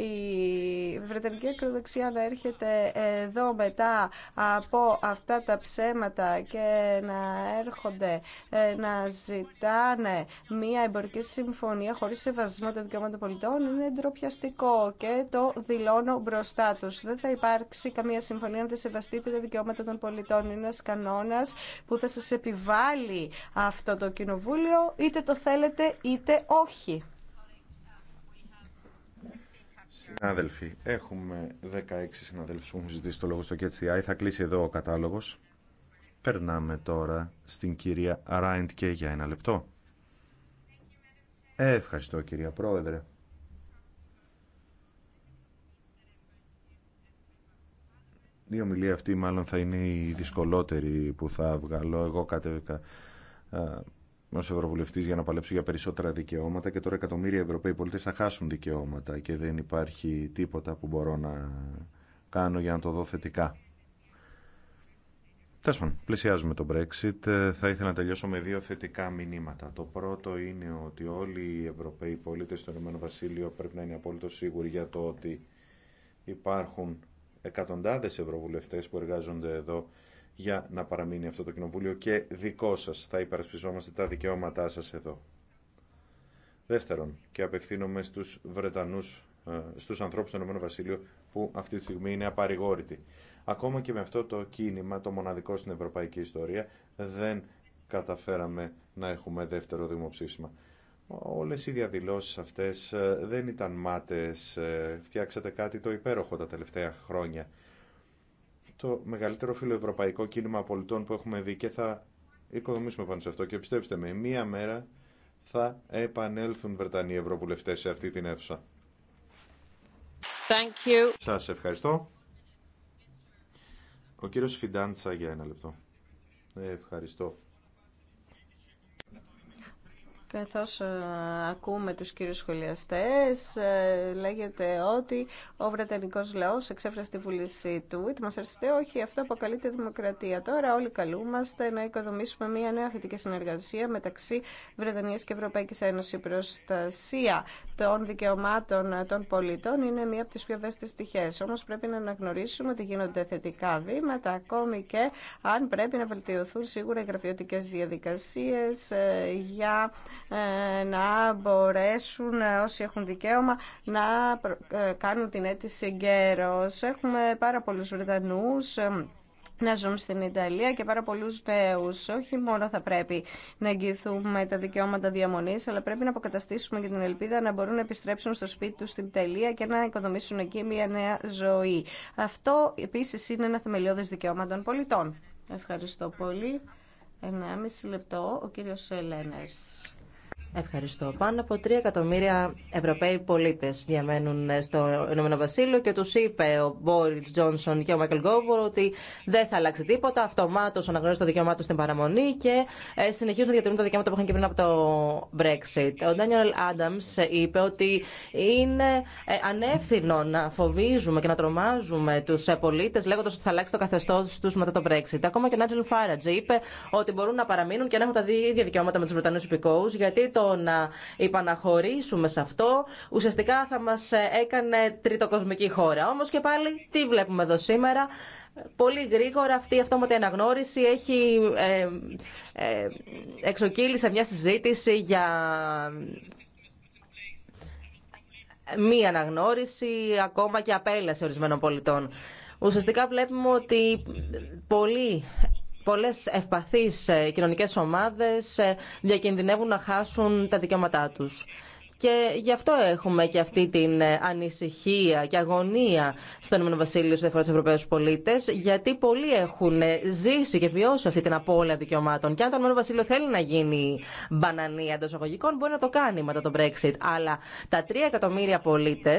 η Βρετανική ακροδεξιά να έρχεται εδώ μετά από αυτά τα ψέματα και να έρχονται ε, να ζητάνε μία εμπορική συμφωνία χωρίς σεβασμό των δικαιωμάτων πολιτών είναι ντροπιαστικό και το δηλώνω μπροστά του. Δεν θα υπάρξει καμία συμφωνία αν δεν σεβαστείτε τα δικαιώματα των πολιτών. Είναι ένας κανόνας που θα σας επιβάλλει αυτό το κοινοβούλιο, είτε το θέλετε είτε όχι. Συνάδελφοι, έχουμε 16 συναδέλφους που έχουν ζητήσει το λόγο στο KTI. Θα κλείσει εδώ ο κατάλογος. Περνάμε τώρα στην κυρία Ράιντ και για ένα λεπτό. Ε, ευχαριστώ κυρία Πρόεδρε. η ομιλία αυτή μάλλον θα είναι η δυσκολότερη που θα βγάλω. Εγώ κατέβηκα ω Ευρωβουλευτή για να παλέψω για περισσότερα δικαιώματα και τώρα εκατομμύρια Ευρωπαίοι πολίτε θα χάσουν δικαιώματα και δεν υπάρχει τίποτα που μπορώ να κάνω για να το δω θετικά. Τέλος πλησιάζουμε το Brexit. Θα ήθελα να τελειώσω με δύο θετικά μηνύματα. Το πρώτο είναι ότι όλοι οι Ευρωπαίοι πολίτε στο Ηνωμένο Βασίλειο πρέπει να είναι απόλυτο σίγουροι για το ότι υπάρχουν Εκατοντάδε ευρωβουλευτέ που εργάζονται εδώ για να παραμείνει αυτό το κοινοβούλιο και δικό σα θα υπερασπιζόμαστε τα δικαιώματά σας εδώ. Δεύτερον, και απευθύνομαι στους Βρετανούς, ε, στους ανθρώπους του ΕΒ που αυτή τη στιγμή είναι απαρηγόρητοι. Ακόμα και με αυτό το κίνημα, το μοναδικό στην ευρωπαϊκή ιστορία, δεν καταφέραμε να έχουμε δεύτερο δημοψήφισμα. Όλες οι διαδηλώσεις αυτές ε, δεν ήταν μάτες, ε, φτιάξατε κάτι το υπέροχο τα τελευταία χρόνια. Το μεγαλύτερο φιλοευρωπαϊκό κίνημα πολιτών που έχουμε δει και θα οικοδομήσουμε πάνω σε αυτό και πιστέψτε με, μία μέρα θα επανέλθουν Βρετανοί Ευρωβουλευτές σε αυτή την αίθουσα. Thank you. Σας ευχαριστώ. Ο κύριος Φιντάντσα για ένα λεπτό. Ευχαριστώ. Καθώς ε, ακούμε τους κύριους σχολιαστές, ε, λέγεται ότι ο Βρετανικός λαός εξέφρασε τη βούλησή του. Είτε μας όχι, αυτό αποκαλείται δημοκρατία. Τώρα όλοι καλούμαστε να οικοδομήσουμε μια νέα θετική συνεργασία μεταξύ Βρετανίας και Ευρωπαϊκής Ένωσης. προστασία των δικαιωμάτων των πολιτών είναι μία από τις πιο ευαίσθητες στοιχές. Όμως πρέπει να αναγνωρίσουμε ότι γίνονται θετικά βήματα, ακόμη και αν πρέπει να βελτιωθούν σίγουρα οι γραφειοτικές διαδικασίες ε, για ε, να μπορέσουν ε, όσοι έχουν δικαίωμα να κάνουν την αίτηση εγκαίρως. Έχουμε πάρα πολλούς Βρετανούς να ζουν στην Ιταλία και πάρα πολλού νέους. Όχι μόνο θα πρέπει να εγγυηθούμε τα δικαιώματα διαμονής, αλλά πρέπει να αποκαταστήσουμε και την ελπίδα να μπορούν να επιστρέψουν στο σπίτι τους στην Ιταλία και να οικοδομήσουν εκεί μια νέα ζωή. Αυτό επίσης είναι ένα θεμελιώδε δικαιώμα των πολιτών. Ευχαριστώ πολύ. λεπτό ο κύριος Ευχαριστώ. Πάνω από 3 εκατομμύρια Ευρωπαίοι πολίτε διαμένουν στο Ηνωμένο Βασίλειο και του είπε ο Μπόρι Τζόνσον και ο Μάικλ Γκόβορ ότι δεν θα αλλάξει τίποτα. Αυτομάτω αναγνωρίζει το δικαίωμά του στην παραμονή και ε, συνεχίζουν να διατηρούν τα δικαιώματα που είχαν και πριν από το Brexit. Ο Ντάνιελ Άνταμ είπε ότι είναι ε, ανεύθυνο να φοβίζουμε και να τρομάζουμε του ε, πολίτε λέγοντα ότι θα αλλάξει το καθεστώ του μετά το Brexit. Ακόμα και ο Νάτζελ Φάρατζ είπε ότι μπορούν να παραμείνουν και να έχουν τα ίδια δικαιώματα με του Βρετανού υπηκόου γιατί να υπαναχωρήσουμε σε αυτό ουσιαστικά θα μας έκανε τριτοκοσμική χώρα. Όμως και πάλι τι βλέπουμε εδώ σήμερα. Πολύ γρήγορα αυτή η αυτόματη αναγνώριση έχει ε, ε εξοκύλει σε μια συζήτηση για μη αναγνώριση ακόμα και απέλαση ορισμένων πολιτών. Ουσιαστικά βλέπουμε ότι πολλοί Πολλέ ευπαθεί ε, κοινωνικέ ομάδε ε, διακινδυνεύουν να χάσουν τα δικαιώματά του. Και γι' αυτό έχουμε και αυτή την ε, ανησυχία και αγωνία στον Ηνωμένο Βασίλειο σε του Ευρωπαίου πολίτε, γιατί πολλοί έχουν ζήσει και βιώσει αυτή την απώλεια δικαιωμάτων. Και αν το Ηνωμένο Βασίλειο θέλει να γίνει μπανανία εντό αγωγικών, μπορεί να το κάνει μετά τον Brexit. Αλλά τα τρία εκατομμύρια πολίτε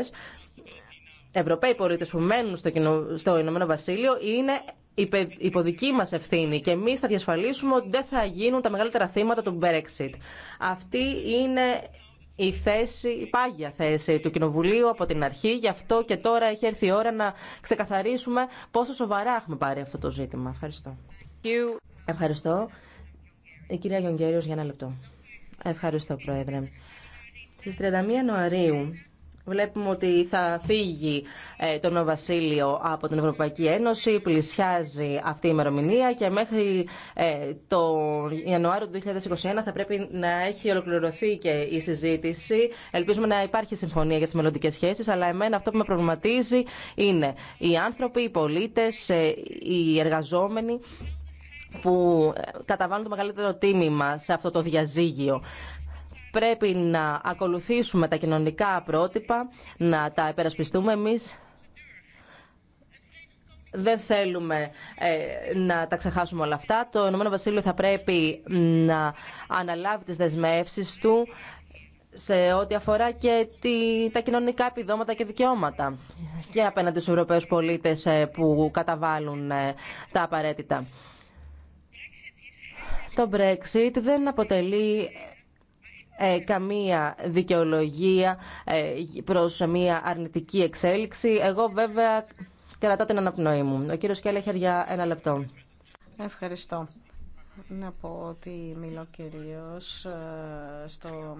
Ευρωπαίοι πολίτε που μένουν στο, Ηνωμένο Βασίλειο είναι υπό δική μας ευθύνη και εμείς θα διασφαλίσουμε ότι δεν θα γίνουν τα μεγαλύτερα θύματα του Brexit. Αυτή είναι η θέση, η πάγια θέση του Κοινοβουλίου από την αρχή. Γι' αυτό και τώρα έχει έρθει η ώρα να ξεκαθαρίσουμε πόσο σοβαρά έχουμε πάρει αυτό το ζήτημα. Ευχαριστώ. Ευχαριστώ. Η κυρία Γιονγκέριος για ένα λεπτό. Ευχαριστώ, Πρόεδρε. Στις 31 Ιανουαρίου Βλέπουμε ότι θα φύγει ε, το Νέο Βασίλειο από την Ευρωπαϊκή Ένωση, πλησιάζει αυτή η ημερομηνία και μέχρι ε, το Ιανουάριο του 2021 θα πρέπει να έχει ολοκληρωθεί και η συζήτηση. Ελπίζουμε να υπάρχει συμφωνία για τις μελλοντικέ σχέσεις, αλλά εμένα αυτό που με προβληματίζει είναι οι άνθρωποι, οι πολίτες, ε, οι εργαζόμενοι που καταβάλουν το μεγαλύτερο τίμημα σε αυτό το διαζύγιο πρέπει να ακολουθήσουμε τα κοινωνικά πρότυπα, να τα υπερασπιστούμε εμείς. Δεν θέλουμε ε, να τα ξεχάσουμε όλα αυτά. Το Ηνωμένο Βασίλειο θα πρέπει να αναλάβει τις δεσμεύσεις του σε ό,τι αφορά και τα κοινωνικά επιδόματα και δικαιώματα και απέναντι στους Ευρωπαίους πολίτες ε, που καταβάλουν ε, τα απαραίτητα. Το Brexit δεν αποτελεί ε, καμία δικαιολογία ε, προς μια αρνητική εξέλιξη. Εγώ βέβαια κρατάω την αναπνοή μου. Ο κύριος Κέλεχερ για ένα λεπτό. Ευχαριστώ. Να πω ότι μιλώ κυρίως ε, στο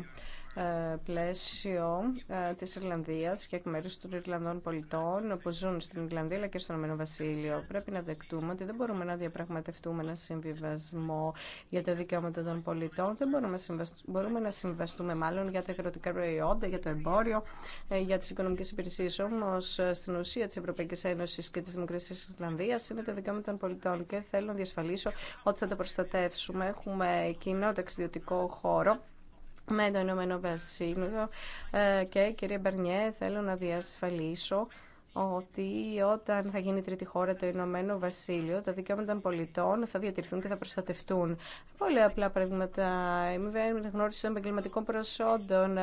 ε, πλαίσιο ε, της Ιρλανδίας και εκ μέρους των Ιρλανδών πολιτών που ζουν στην Ιρλανδία αλλά και στον Ηνωμένο Βασίλειο. Πρέπει να δεκτούμε ότι δεν μπορούμε να διαπραγματευτούμε ένα συμβιβασμό για τα δικαιώματα των πολιτών. Δεν μπορούμε να, συμβαστούμε, μάλλον για τα κρατικά προϊόντα, για το εμπόριο, ε, για τις οικονομικές υπηρεσίες. Όμως στην ουσία της Ευρωπαϊκής Ένωσης και της Δημοκρατίας της Ιρλανδίας είναι τα δικαιώματα των πολιτών και θέλω να διασφαλίσω ότι θα τα προστατεύσουμε. Έχουμε κοινό ταξιδιωτικό χώρο με το Ηνωμένο Βασίλειο ε, και κύριε Μπαρνιέ θέλω να διασφαλίσω ότι όταν θα γίνει τρίτη χώρα το Ηνωμένο Βασίλειο, τα δικαιώματα των πολιτών θα διατηρηθούν και θα προστατευτούν. Πολύ απλά πράγματα. Η μη γνώριση των επαγγελματικών προσόντων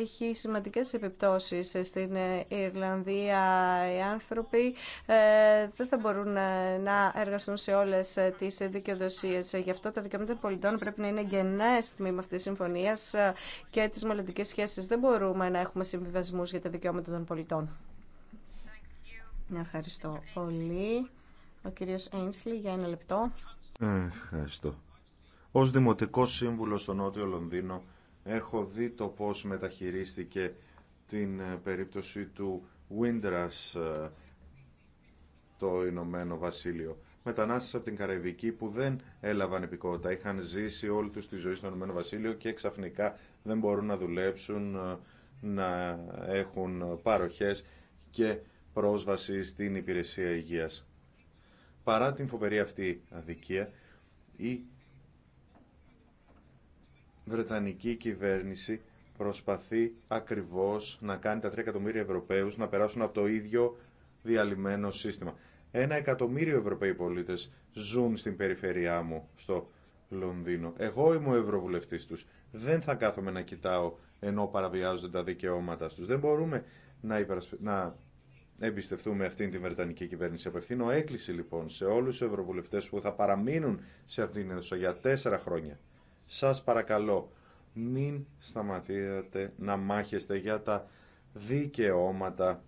έχει σημαντικέ επιπτώσει στην Ιρλανδία. Οι άνθρωποι ε, δεν θα μπορούν ε, να εργαστούν σε όλε τι δικαιοδοσίε. Γι' αυτό τα δικαιώματα των πολιτών πρέπει να είναι στη τμήμα αυτή τη συμφωνία ε, και τι μελλοντικέ σχέσει. Δεν μπορούμε να έχουμε συμβιβασμού για τα δικαιώματα των πολιτών. Ευχαριστώ πολύ. Ο κύριος Ένσλι για ένα λεπτό. Ευχαριστώ. Ως δημοτικό σύμβουλο στο Νότιο Λονδίνο έχω δει το πώς μεταχειρίστηκε την ε, περίπτωση του Windrush ε, το Ηνωμένο Βασίλειο. Μετανάστες από την Καραϊβική που δεν έλαβαν υπηκότητα. Είχαν ζήσει όλη τους τη ζωή στο Ηνωμένο Βασίλειο και ξαφνικά δεν μπορούν να δουλέψουν, ε, να έχουν παροχές και πρόσβαση στην υπηρεσία υγείας. Παρά την φοβερή αυτή αδικία, η Βρετανική κυβέρνηση προσπαθεί ακριβώς να κάνει τα 3 εκατομμύρια Ευρωπαίους να περάσουν από το ίδιο διαλυμένο σύστημα. Ένα εκατομμύριο Ευρωπαίοι πολίτες ζουν στην περιφερειά μου, στο Λονδίνο. Εγώ είμαι ο Ευρωβουλευτής τους. Δεν θα κάθομαι να κοιτάω ενώ παραβιάζονται τα δικαιώματα τους. Δεν μπορούμε να, υπερασπι... να εμπιστευτούμε αυτήν την Βρετανική κυβέρνηση. Απευθύνω έκκληση λοιπόν σε όλου του ευρωβουλευτέ που θα παραμείνουν σε αυτήν την αίθουσα για τέσσερα χρόνια. Σα παρακαλώ, μην σταματήσετε να μάχεστε για τα δικαιώματα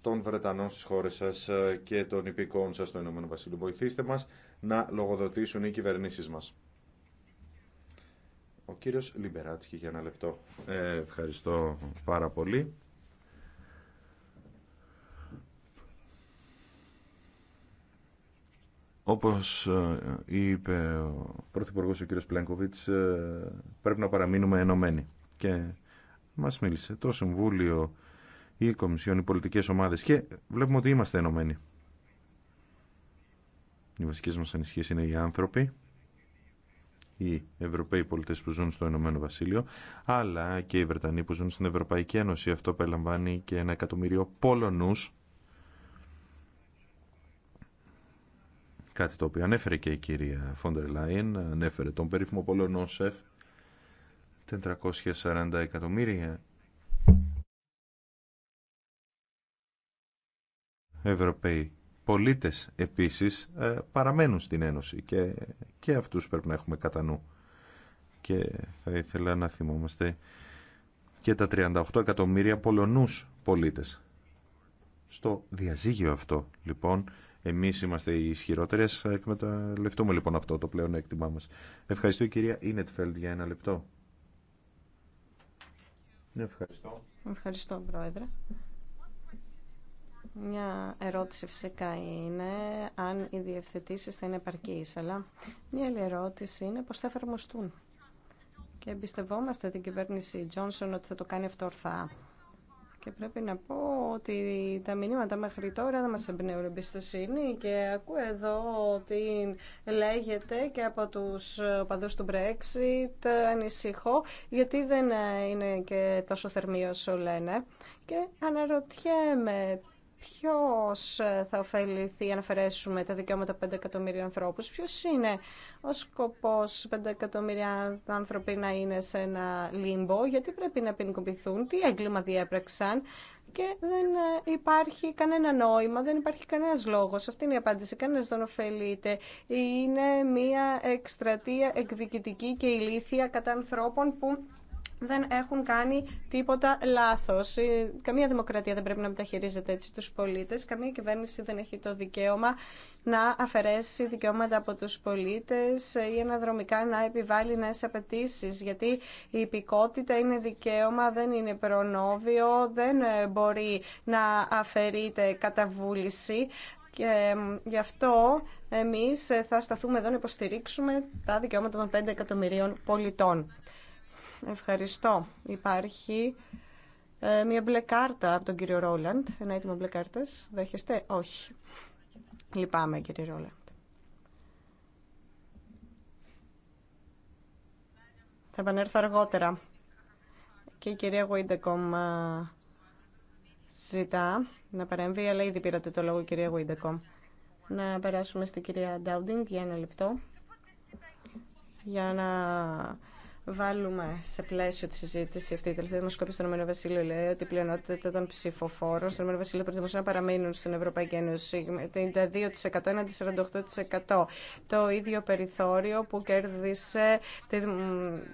των Βρετανών στις χώρες σας ε, και των υπηκών σας στο Ηνωμένο Βασίλειο. Βοηθήστε μας να λογοδοτήσουν οι κυβερνήσεις μας. Ο κύριος Λιμπεράτσκι για ένα λεπτό. Ε, ευχαριστώ πάρα πολύ. Όπως ε, είπε ο Πρωθυπουργός ο κ. Πλένκοβιτς, ε, πρέπει να παραμείνουμε ενωμένοι. Και μας μίλησε το Συμβούλιο, η Κομισιόν, οι πολιτικές ομάδες και βλέπουμε ότι είμαστε ενωμένοι. Οι βασικές μας ανησυχίες είναι οι άνθρωποι, οι Ευρωπαίοι πολίτες που ζουν στο Ενωμένο Βασίλειο, αλλά και οι Βρετανοί που ζουν στην Ευρωπαϊκή Ένωση. Αυτό περιλαμβάνει και ένα εκατομμύριο Πολωνούς Κάτι το οποίο ανέφερε και η κυρία Φόντερ Λάιεν, ανέφερε τον περίφημο Πολωνό ΣΕΦ, 440 εκατομμύρια Ευρωπαίοι πολίτες επίσης ε, παραμένουν στην Ένωση και, και αυτούς πρέπει να έχουμε κατά νου. Και θα ήθελα να θυμόμαστε και τα 38 εκατομμύρια Πολωνούς πολίτες. Στο διαζύγιο αυτό λοιπόν εμείς είμαστε οι Θα εκμεταλλευτούμε λοιπόν αυτό το πλέον έκτιμά μας. Ευχαριστώ η κυρία Ίνετφελντ για ένα λεπτό. Ευχαριστώ. Ευχαριστώ, Πρόεδρε. Μια ερώτηση φυσικά είναι αν οι διευθετήσει θα είναι επαρκείς, αλλά μια άλλη ερώτηση είναι πώ θα εφαρμοστούν. Και εμπιστευόμαστε την κυβέρνηση Τζόνσον ότι θα το κάνει αυτό ορθά. Και πρέπει να πω ότι τα μηνύματα μέχρι τώρα δεν μας εμπνέουν εμπιστοσύνη και ακούω εδώ ότι λέγεται και από τους οπαδούς του Brexit ανησυχώ γιατί δεν είναι και τόσο θερμοί όσο λένε. Και αναρωτιέμαι Ποιο ε, θα ωφεληθεί αν αφαιρέσουμε τα δικαιώματα 5 εκατομμύρια ανθρώπου, Ποιο είναι ο σκοπός 5 εκατομμύρια άνθρωποι να είναι σε ένα λίμπο, γιατί πρέπει να ποινικοποιηθούν, τι έγκλημα διέπραξαν και δεν ε, υπάρχει κανένα νόημα, δεν υπάρχει κανένας λόγος. Αυτή είναι η απάντηση, κανένας δεν ωφελείται. Είναι μια εκστρατεία εκδικητική και ηλίθια κατά ανθρώπων που δεν έχουν κάνει τίποτα λάθο. Καμία δημοκρατία δεν πρέπει να μεταχειρίζεται έτσι του πολίτε. Καμία κυβέρνηση δεν έχει το δικαίωμα να αφαιρέσει δικαιώματα από του πολίτε η υπηκότητα είναι δικαίωμα, δεν είναι προνόβιο, δεν ε, μπορεί να αφαιρείται κατά βούληση. Και γι' αυτό εμείς θα σταθούμε εδώ να υποστηρίξουμε τα δικαιώματα των 5 εκατομμυρίων πολιτών. Ευχαριστώ. Υπάρχει ε, μια μπλε κάρτα από τον κύριο Ρόλαντ. Ένα έτοιμο μπλε κάρτας. Δέχεστε. Όχι. Λυπάμαι κύριε Ρόλαντ. Θα επανέλθω αργότερα. Και η κυρία Γουίντεκομ ε, ζητά να παρέμβει, αλλά ήδη πήρατε το λόγο κυρία Γουίντεκομ. Να περάσουμε στην κυρία Ντάουντινγκ για ένα λεπτό για να βάλουμε σε πλαίσιο τη συζήτηση αυτή. Η τελευταία δημοσκόπηση στον Ηνωμένο Βασίλειο λέει ότι η πλειονότητα των ψηφοφόρων στον Ηνωμένο Βασίλειο προτιμούσαν να παραμείνουν στην Ευρωπαϊκή Ένωση. 52% έναντι 48%. Το ίδιο περιθώριο που κέρδισε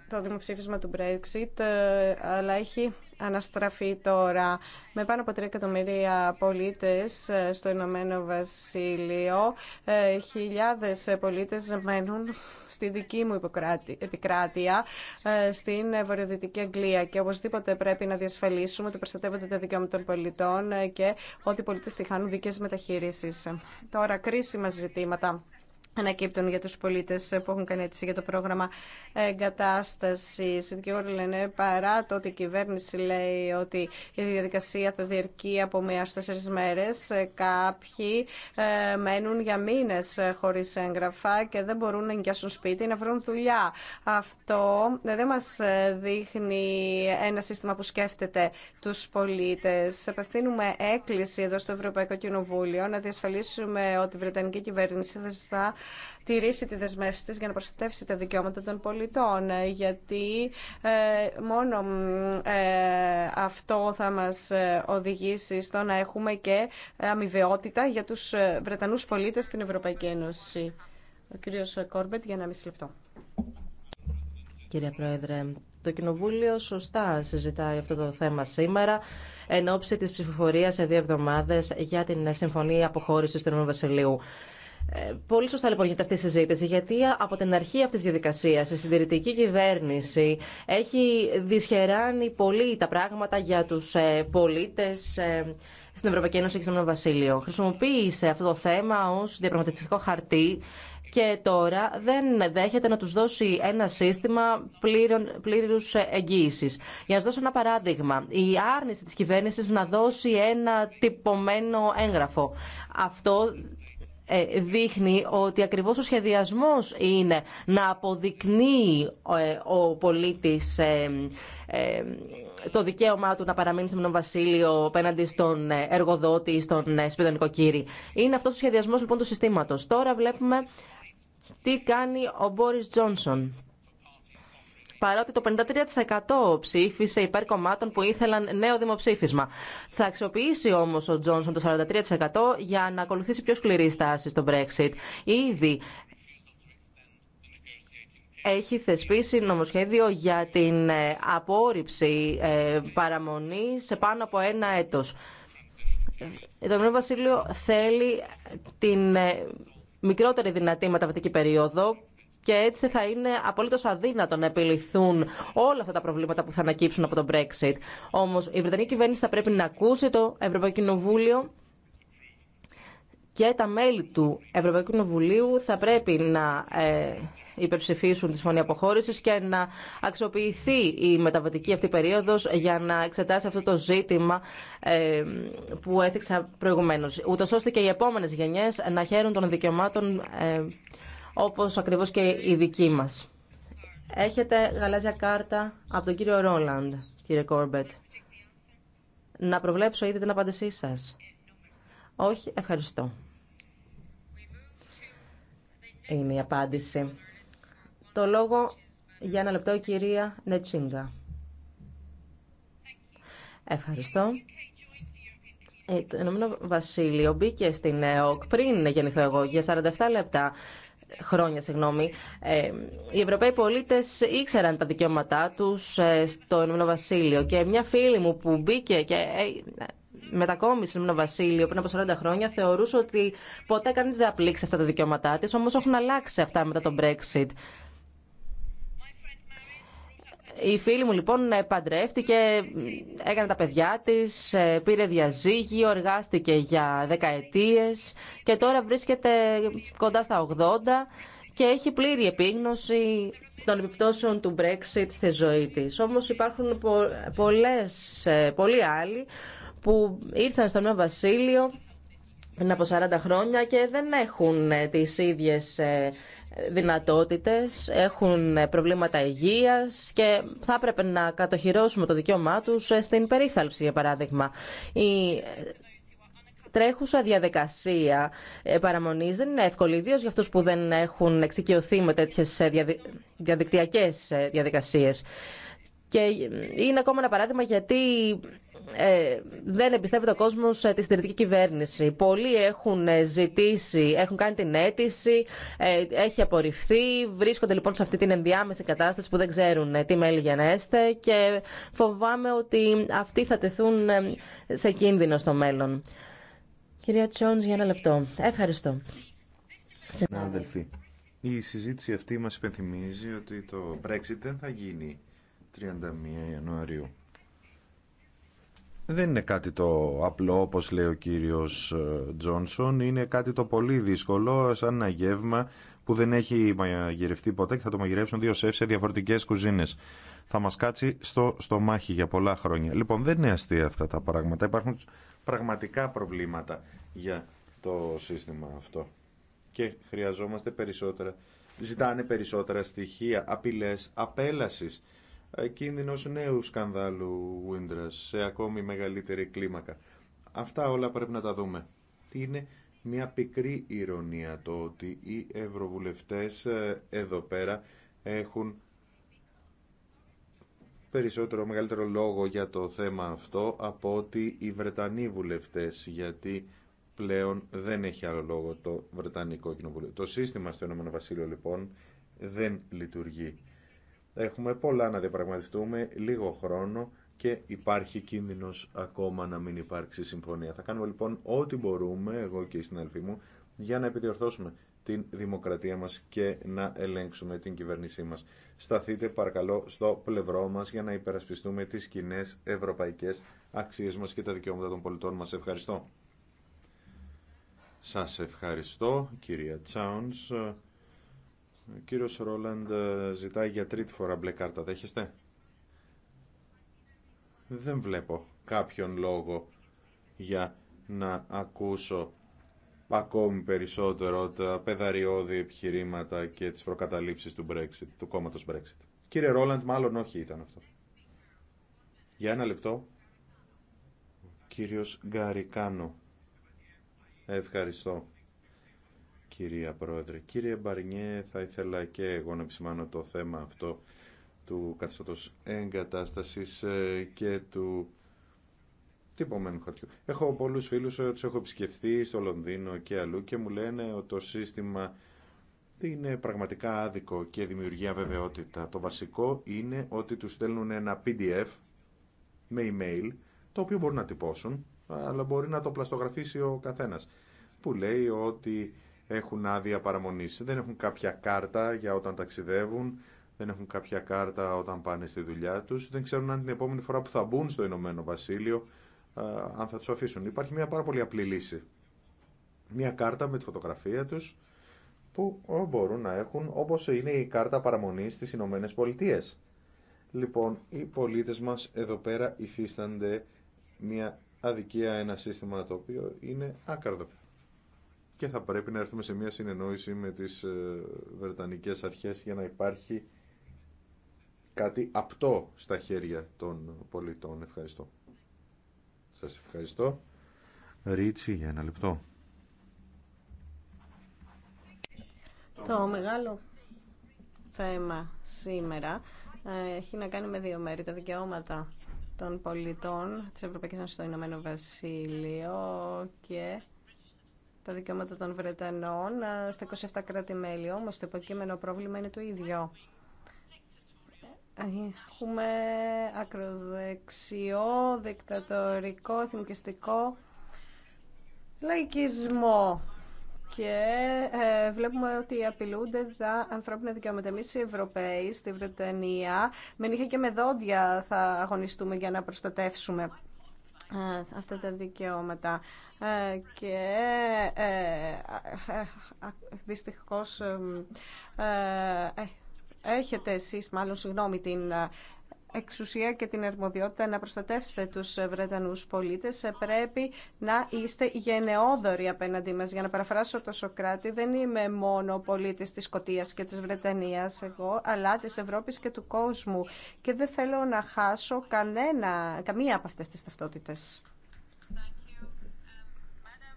το δημοψήφισμα του Brexit, ε, αλλά έχει αναστραφεί τώρα με πάνω από 3 εκατομμύρια πολίτες ε, στο Ηνωμένο Βασίλειο. Ε, χιλιάδες πολίτες μένουν στη δική μου επικράτεια, ε, στην βορειοδυτική Αγγλία και οπωσδήποτε πρέπει να διασφαλίσουμε ότι προστατεύονται τα δικαιώματα των πολιτών και ότι οι πολίτες τη χάνουν δικές μεταχείρισεις. Τώρα, κρίσιμα ζητήματα ανακύπτουν για τους πολίτες που έχουν κάνει αίτηση για το πρόγραμμα εγκατάστασης. Οι δικηγόροι λένε παρά το ότι η κυβέρνηση λέει ότι η διαδικασία θα διαρκεί από μία στους τέσσερις μέρες, κάποιοι ε, μένουν για μήνες χωρίς έγγραφα και δεν μπορούν να εγκιάσουν σπίτι να βρουν δουλειά. Αυτό δεν μας δείχνει ένα σύστημα που σκέφτεται τους πολίτες. Απευθύνουμε έκκληση εδώ στο Ευρωπαϊκό Κοινοβούλιο να διασφαλίσουμε ότι η Βρετανική κυβέρνηση θα τηρήσει τη δεσμεύση της για να προστατεύσει τα δικαιώματα των πολιτών ε, γιατί ε, μόνο ε, αυτό θα μας οδηγήσει στο να έχουμε και αμοιβαιότητα για τους Βρετανούς πολίτες στην Ευρωπαϊκή Ένωση. Ο κύριος Κόρμπετ για ένα μισή λεπτό. Κύριε Πρόεδρε, το Κοινοβούλιο σωστά συζητάει αυτό το θέμα σήμερα εν ώψη της ψηφοφορίας σε δύο εβδομάδες για την Συμφωνία Αποχώρησης του Βασιλείου. Πολύ σωστά λοιπόν γίνεται αυτή η συζήτηση, γιατί από την αρχή αυτή τη διαδικασία η συντηρητική κυβέρνηση έχει δυσχεράνει πολύ τα πράγματα για του ε, πολίτε ε, στην Ευρωπαϊκή Ένωση και στον Βασίλειο. Χρησιμοποίησε αυτό το θέμα ω διαπραγματευτικό χαρτί και τώρα δεν δέχεται να του δώσει ένα σύστημα πλήρου εγγύησης. Για να σα δώσω ένα παράδειγμα, η άρνηση τη κυβέρνηση να δώσει ένα τυπωμένο έγγραφο. Αυτό ε, δείχνει ότι ακριβώς ο σχεδιασμός είναι να αποδεικνύει ε, ο πολίτης ε, το δικαίωμά του να παραμείνει στο Βασίλειο απέναντι στον εργοδότη ή στον σπιτονικοκύρη. Είναι αυτός ο σχεδιασμός λοιπόν του συστήματος. Τώρα βλέπουμε τι κάνει ο Μπόρις Τζόνσον παρότι το 53% ψήφισε υπέρ κομμάτων που ήθελαν νέο δημοψήφισμα. Θα αξιοποιήσει όμω ο Τζόνσον το 43% για να ακολουθήσει πιο σκληρή στάση στο Brexit. Ήδη έχει θεσπίσει νομοσχέδιο για την ε, απόρριψη ε, παραμονή σε πάνω από ένα έτος. Ε, το Ηνωμένο Βασίλειο θέλει την μικρότερη δυνατή μεταβατική περίοδο και έτσι θα είναι απολύτω αδύνατο να επιληθούν όλα αυτά τα προβλήματα που θα ανακύψουν από τον Brexit. Όμω η Βρετανική κυβέρνηση θα πρέπει να ακούσει το Ευρωπαϊκό Κοινοβούλιο και τα μέλη του Ευρωπαϊκού Κοινοβουλίου θα πρέπει να ε, υπερψηφίσουν τη συμφωνία αποχώρηση και να αξιοποιηθεί η μεταβατική αυτή περίοδο για να εξετάσει αυτό το ζήτημα ε, που έθιξα προηγουμένω. Ούτω ώστε και οι επόμενε γενιέ να χαίρουν των δικαιωμάτων ε, όπως ακριβώς και η δική μας. Έχετε γαλάζια κάρτα από τον κύριο Ρόλαντ, κύριε Κόρμπετ. Να προβλέψω ήδη την απάντησή σας. Όχι, ευχαριστώ. Είναι η απάντηση. Το λόγο για ένα λεπτό η κυρία Νετσίνγκα. Ευχαριστώ. Ε, το Ηνωμένο Βασίλειο μπήκε στην ΕΟΚ πριν γεννηθώ εγώ για 47 λεπτά χρόνια, συγγνώμη. Ε, οι Ευρωπαίοι πολίτες ήξεραν τα δικαιώματά τους ε, στο Ηνωμένο Βασίλειο και μια φίλη μου που μπήκε και ε, μετακόμισε στο Βασίλειο πριν από 40 χρόνια θεωρούσε ότι ποτέ κανεί δεν απλήξει αυτά τα δικαιώματά της, όμως έχουν αλλάξει αυτά μετά τον Brexit. Η φίλη μου λοιπόν παντρεύτηκε, έκανε τα παιδιά της, ε, πήρε διαζύγιο, εργάστηκε για δεκαετίες και τώρα βρίσκεται κοντά στα 80 και έχει πλήρη επίγνωση των επιπτώσεων του Brexit στη ζωή της. Όμως υπάρχουν πολλές, ε, πολλοί άλλοι που ήρθαν στο Νέο Βασίλειο πριν από 40 χρόνια και δεν έχουν ε, τις ίδιες δυνατότητες, έχουν προβλήματα υγείας και θα έπρεπε να κατοχυρώσουμε το δικαίωμά τους στην περίθαλψη, για παράδειγμα. Η τρέχουσα διαδικασία ε, παραμονής δεν είναι εύκολη, ιδίω για αυτούς που δεν έχουν εξοικειωθεί με τέτοιες ε, διαδικτυακές ε, διαδικασίες. Και είναι ακόμα ένα παράδειγμα γιατί ε, δεν εμπιστεύεται ο κόσμος ε, τη συντηρητική κυβέρνηση. Πολλοί έχουν ε, ζητήσει, έχουν κάνει την αίτηση, έχει απορριφθεί. Βρίσκονται λοιπόν σε αυτή την ενδιάμεση κατάσταση που δεν ξέρουν τι μέλη για να είστε και φοβάμαι ότι αυτοί θα τεθούν σε κίνδυνο στο μέλλον. Κυρία Τσόντζ, για ένα λεπτό. Ευχαριστώ. Συνάδελφοι, η συζήτηση αυτή μας υπενθυμίζει ότι το Brexit δεν θα γίνει 31 Ιανουαρίου δεν είναι κάτι το απλό όπως λέει ο κύριος ε, Τζόνσον, είναι κάτι το πολύ δύσκολο σαν ένα γεύμα που δεν έχει μαγειρευτεί ποτέ και θα το μαγειρεύσουν δύο σεφ σε διαφορετικές κουζίνες. Θα μας κάτσει στο, στο μάχη για πολλά χρόνια. Λοιπόν δεν είναι αστεία αυτά τα πράγματα, υπάρχουν πραγματικά προβλήματα για το σύστημα αυτό και χρειαζόμαστε περισσότερα, ζητάνε περισσότερα στοιχεία, απειλές, απέλασης ε, κίνδυνος νέου σκανδάλου Windrush σε ακόμη μεγαλύτερη κλίμακα. Αυτά όλα πρέπει να τα δούμε. είναι μια πικρή ηρωνία το ότι οι ευρωβουλευτές ε, εδώ πέρα έχουν περισσότερο μεγαλύτερο λόγο για το θέμα αυτό από ότι οι Βρετανοί βουλευτές γιατί πλέον δεν έχει άλλο λόγο το Βρετανικό Κοινοβούλιο. Το σύστημα στο Ηνωμένο Βασίλειο λοιπόν δεν λειτουργεί Έχουμε πολλά να διαπραγματευτούμε, λίγο χρόνο και υπάρχει κίνδυνος ακόμα να μην υπάρξει συμφωνία. Θα κάνουμε λοιπόν ό,τι μπορούμε, εγώ και οι συναδελφοί μου, για να επιδιορθώσουμε την δημοκρατία μας και να ελέγξουμε την κυβέρνησή μας. Σταθείτε παρακαλώ στο πλευρό μας για να υπερασπιστούμε τις κοινέ ευρωπαϊκές αξίες μας και τα δικαιώματα των πολιτών μας. Ευχαριστώ. Σας ευχαριστώ κυρία Τσάουνς. Ο κύριος Ρόλαντ ε, ζητάει για τρίτη φορά μπλε κάρτα. Δέχεστε. Δεν βλέπω κάποιον λόγο για να ακούσω ακόμη περισσότερο τα πεδαριώδη επιχειρήματα και τις προκαταλήψεις του, Brexit, του κόμματος Brexit. Κύριε Ρόλαντ, μάλλον όχι ήταν αυτό. Για ένα λεπτό, ο κύριος Γκαρικάνο. Ευχαριστώ κυρία Πρόεδρε. Κύριε Μπαρνιέ, θα ήθελα και εγώ να επισημάνω το θέμα αυτό του καθεστώτος εγκατάστασης ε, και του τυπωμένου χαρτιού. Έχω πολλούς φίλους, ε, τους έχω επισκεφθεί στο Λονδίνο και αλλού και μου λένε ότι το σύστημα είναι πραγματικά άδικο και δημιουργεί αβεβαιότητα. Το βασικό είναι ότι τους στέλνουν ένα PDF με email, το οποίο μπορούν να τυπώσουν, αλλά μπορεί να το πλαστογραφήσει ο καθένας, που λέει ότι έχουν άδεια παραμονής. Δεν έχουν κάποια κάρτα για όταν ταξιδεύουν, δεν έχουν κάποια κάρτα όταν πάνε στη δουλειά τους, δεν ξέρουν αν την επόμενη φορά που θα μπουν στο Ηνωμένο Βασίλειο, αν θα του αφήσουν. Υπάρχει μια πάρα πολύ απλή λύση. Μια κάρτα με τη φωτογραφία τους που μπορούν να έχουν όπως είναι η κάρτα παραμονή στις Ηνωμένε Πολιτείε. Λοιπόν, οι πολίτε μα εδώ πέρα υφίστανται μια αδικία, ένα σύστημα το οποίο είναι άκαρδο και θα πρέπει να έρθουμε σε μια συνεννόηση με τις ε, Βρετανικές αρχές για να υπάρχει κάτι απτό στα χέρια των πολιτών. Ευχαριστώ. Σας ευχαριστώ. Ρίτσι για ένα λεπτό. Το μεγάλο θέμα σήμερα ε, έχει να κάνει με δύο μέρη. Τα δικαιώματα των πολιτών της Ευρωπαϊκής Ένωσης στο Ηνωμένο Βασίλειο και τα δικαιώματα των Βρετανών ε, στα 27 κράτη-μέλη. Όμως το υποκείμενο πρόβλημα είναι το ίδιο. Ε, έχουμε ακροδεξιό, δικτατορικό, εθνικιστικό λαϊκισμό και ε, βλέπουμε ότι απειλούνται τα ανθρώπινα δικαιώματα. Εμεί οι Ευρωπαίοι στη Βρετανία, με νύχια και με δόντια θα αγωνιστούμε για να προστατεύσουμε αυτά τα δικαιώματα ε, και ε, ε, δυστυχώς έχετε εσείς μάλλον συγγνώμη την εξουσία και την αρμοδιότητα να προστατεύσετε τους Βρετανούς πολίτες. Ε, πρέπει να είστε γενναιόδοροι απέναντί μας. Για να παραφράσω το Σοκράτη, δεν είμαι μόνο πολίτης της Σκοτίας και της Βρετανίας εγώ, αλλά της Ευρώπης και του κόσμου. Και δεν θέλω να χάσω κανένα, καμία από αυτές τις ταυτότητες.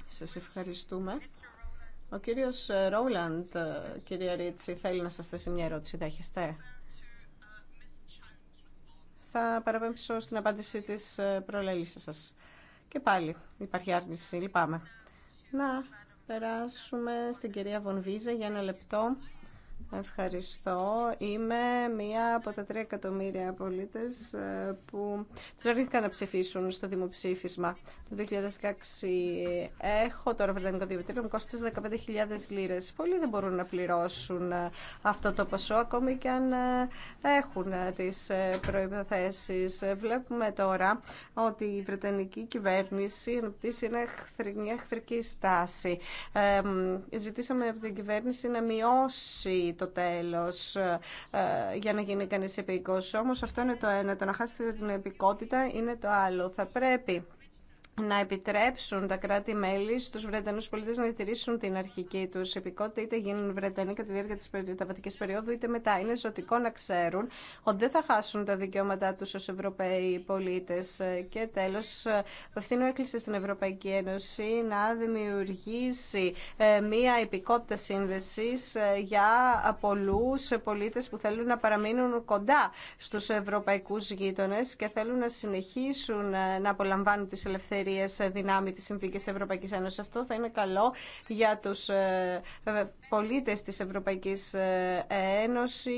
Σας ευχαριστούμε. Ο κύριος Ρόλαντ, ε, κυρία Ρίτσι, θέλει να σας θέσει μια ερώτηση. Δέχεστε θα παραπέμψω στην απάντηση της ε, προλέλησης σας. Και πάλι υπάρχει άρνηση, λυπάμαι. Να περάσουμε στην κυρία Βονβίζα για ένα λεπτό Ευχαριστώ. Είμαι μία από τα τρία εκατομμύρια πολίτες ε, που τους αρνήθηκαν να ψηφίσουν στο δημοψήφισμα το 2016. Έχω τώρα βρετανικό διαβητήριο, μου κόστησε 15.000 λίρες. Πολλοί δεν μπορούν να πληρώσουν ε, αυτό το ποσό, ακόμη και αν ε, έχουν τις προϋποθέσεις. Βλέπουμε τώρα ότι η βρετανική κυβέρνηση αναπτύσσει μια εχθρική στάση. ζητήσαμε από την κυβέρνηση να μειώσει το τέλος ε, για να γίνει κανείς επίκος. Όμως αυτό είναι το ένα, το να χάσει την επικότητα είναι το άλλο. Θα πρέπει να επιτρέψουν τα κράτη-μέλη στου Βρετανού πολίτε να διατηρήσουν την αρχική του υπηκότητα, είτε γίνουν Βρετανοί κατά τη διάρκεια τη μεταβατική περίοδου, είτε μετά. Είναι ζωτικό να ξέρουν ότι δεν θα χάσουν τα δικαιώματά του ω Ευρωπαίοι πολίτε. Ε, και τέλο, ε, ευθύνω έκκληση στην Ευρωπαϊκή Ένωση να δημιουργήσει ε, μία υπηκότητα σύνδεση για πολλού πολίτε που θέλουν να παραμείνουν κοντά στου ευρωπαϊκού γείτονε και θέλουν να συνεχίσουν να απολαμβάνουν τι ελευθερίε εταιρείε ε, δυνάμει τη συνθήκη Ευρωπαϊκή Ένωση. Αυτό θα είναι καλό για του ε, πολίτε τη Ευρωπαϊκή ε, Ένωση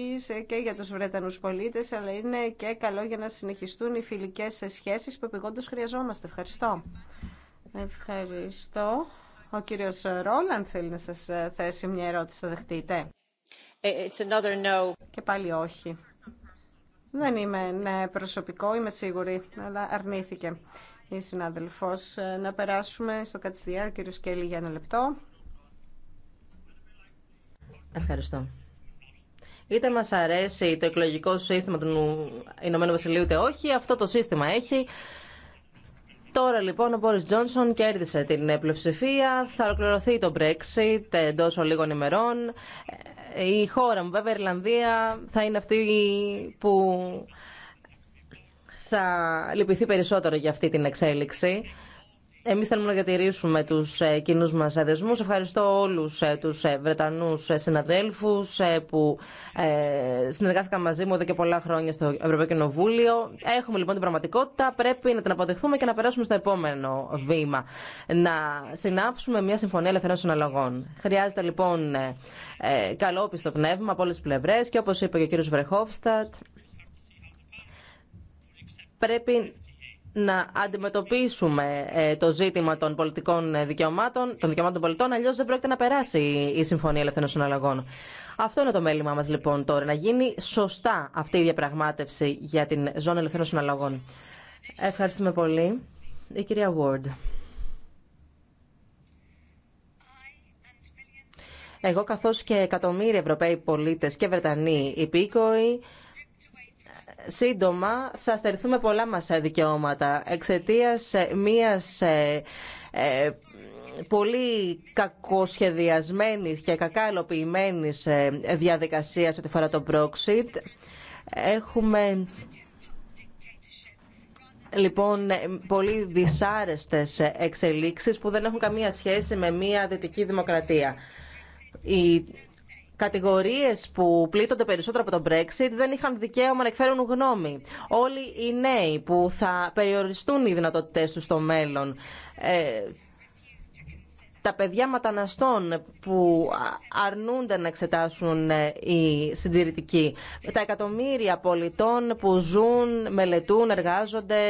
και για του Βρετανού πολίτε, αλλά είναι και καλό για να συνεχιστούν οι φιλικέ σχέσει που επιγόντω χρειαζόμαστε. Ευχαριστώ. Ευχαριστώ. Ο κύριος Ρόλαν θέλει να σας θέσει μια ερώτηση, θα δεχτείτε. It's another no. Και πάλι όχι. Δεν είμαι ναι, προσωπικό, είμαι σίγουρη, αλλά αρνήθηκε η συνάδελφος. Ε, να περάσουμε στο Κατσιδιά, κύριο Σκέλη, για ένα λεπτό. Ευχαριστώ. Είτε μας αρέσει το εκλογικό σύστημα του Ηνωμένου Βασιλείου, είτε όχι, αυτό το σύστημα έχει. Τώρα λοιπόν ο Μπόρις Τζόνσον κέρδισε την ε, πλειοψηφία, θα ολοκληρωθεί το Brexit εντό λίγων ημερών. Ε, η χώρα μου βέβαια, η Ιρλανδία, θα είναι αυτή που θα λυπηθεί περισσότερο για αυτή την εξέλιξη. Εμείς θέλουμε να διατηρήσουμε τους ε, κοινούς μας ε, δεσμούς. Ευχαριστώ όλους ε, τους Βρετανούς συναδέλφους που συνεργάστηκαν μαζί μου εδώ και πολλά χρόνια στο Ευρωπαϊκό Κοινοβούλιο. Έχουμε λοιπόν την πραγματικότητα, πρέπει να την αποδεχθούμε και να περάσουμε στο επόμενο βήμα. Να συνάψουμε μια συμφωνία ελευθερών συναλλαγών. Χρειάζεται λοιπόν καλόπιστο πνεύμα από όλες τις πλευρές και όπως είπε και ο κύριος Βρεχόφστατ, πρέπει να αντιμετωπίσουμε ε, το ζήτημα των πολιτικών δικαιωμάτων, των δικαιωμάτων των πολιτών, αλλιώ δεν πρόκειται να περάσει η Συμφωνία Ελευθερών Συναλλαγών. Αυτό είναι το μέλημά μα λοιπόν τώρα, να γίνει σωστά αυτή η διαπραγμάτευση για την Ζώνη Ελευθερών Συναλλαγών. Ευχαριστούμε πολύ. Η κυρία Ward. Εγώ καθώς και εκατομμύρια Ευρωπαίοι πολίτες και Βρετανοί υπήκοοι σύντομα θα στερηθούμε πολλά μας ε, δικαιώματα εξαιτίας ε, μιας ε, πολύ κακοσχεδιασμένης και κακά ελοποιημένης διαδικασίας ό,τι φορά το Brexit. Έχουμε λοιπόν πολύ δυσάρεστες εξελίξεις που δεν έχουν καμία σχέση με μια δυτική δημοκρατία κατηγορίες που πλήττονται περισσότερο από τον Brexit δεν είχαν δικαίωμα να εκφέρουν γνώμη. Όλοι οι νέοι που θα περιοριστούν οι δυνατότητέ του στο μέλλον ε, τα παιδιά μεταναστών που αρνούνται να εξετάσουν οι ε, συντηρητικοί, τα εκατομμύρια πολιτών που ζουν, μελετούν, εργάζονται,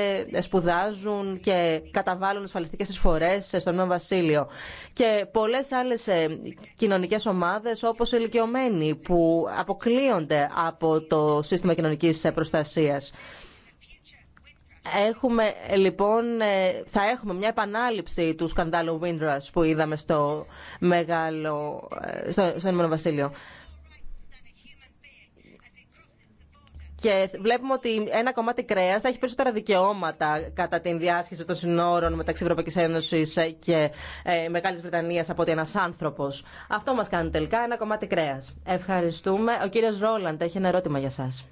σπουδάζουν και καταβάλουν ασφαλιστικές εισφορές στον Νέο Βασίλειο και πολλές άλλες ε, κοινωνικές ομάδες όπως οι ηλικιωμένοι που αποκλείονται από το σύστημα κοινωνικής ε, προστασίας. Έχουμε, λοιπόν, ε, θα έχουμε μια επανάληψη του σκανδάλου Windrush που είδαμε στο μεγάλο, ε, στο, στο Βασίλειο. Και βλέπουμε ότι ένα κομμάτι κρέας θα έχει περισσότερα δικαιώματα κατά την διάσχεση των συνόρων μεταξύ Ευρωπαϊκής Ένωσης και ε, Μεγάλης Βρετανίας από ότι ένας άνθρωπος. Αυτό μας κάνει τελικά ένα κομμάτι κρέας. Ευχαριστούμε. Ο κύριος Ρόλαντ έχει ένα ερώτημα για σας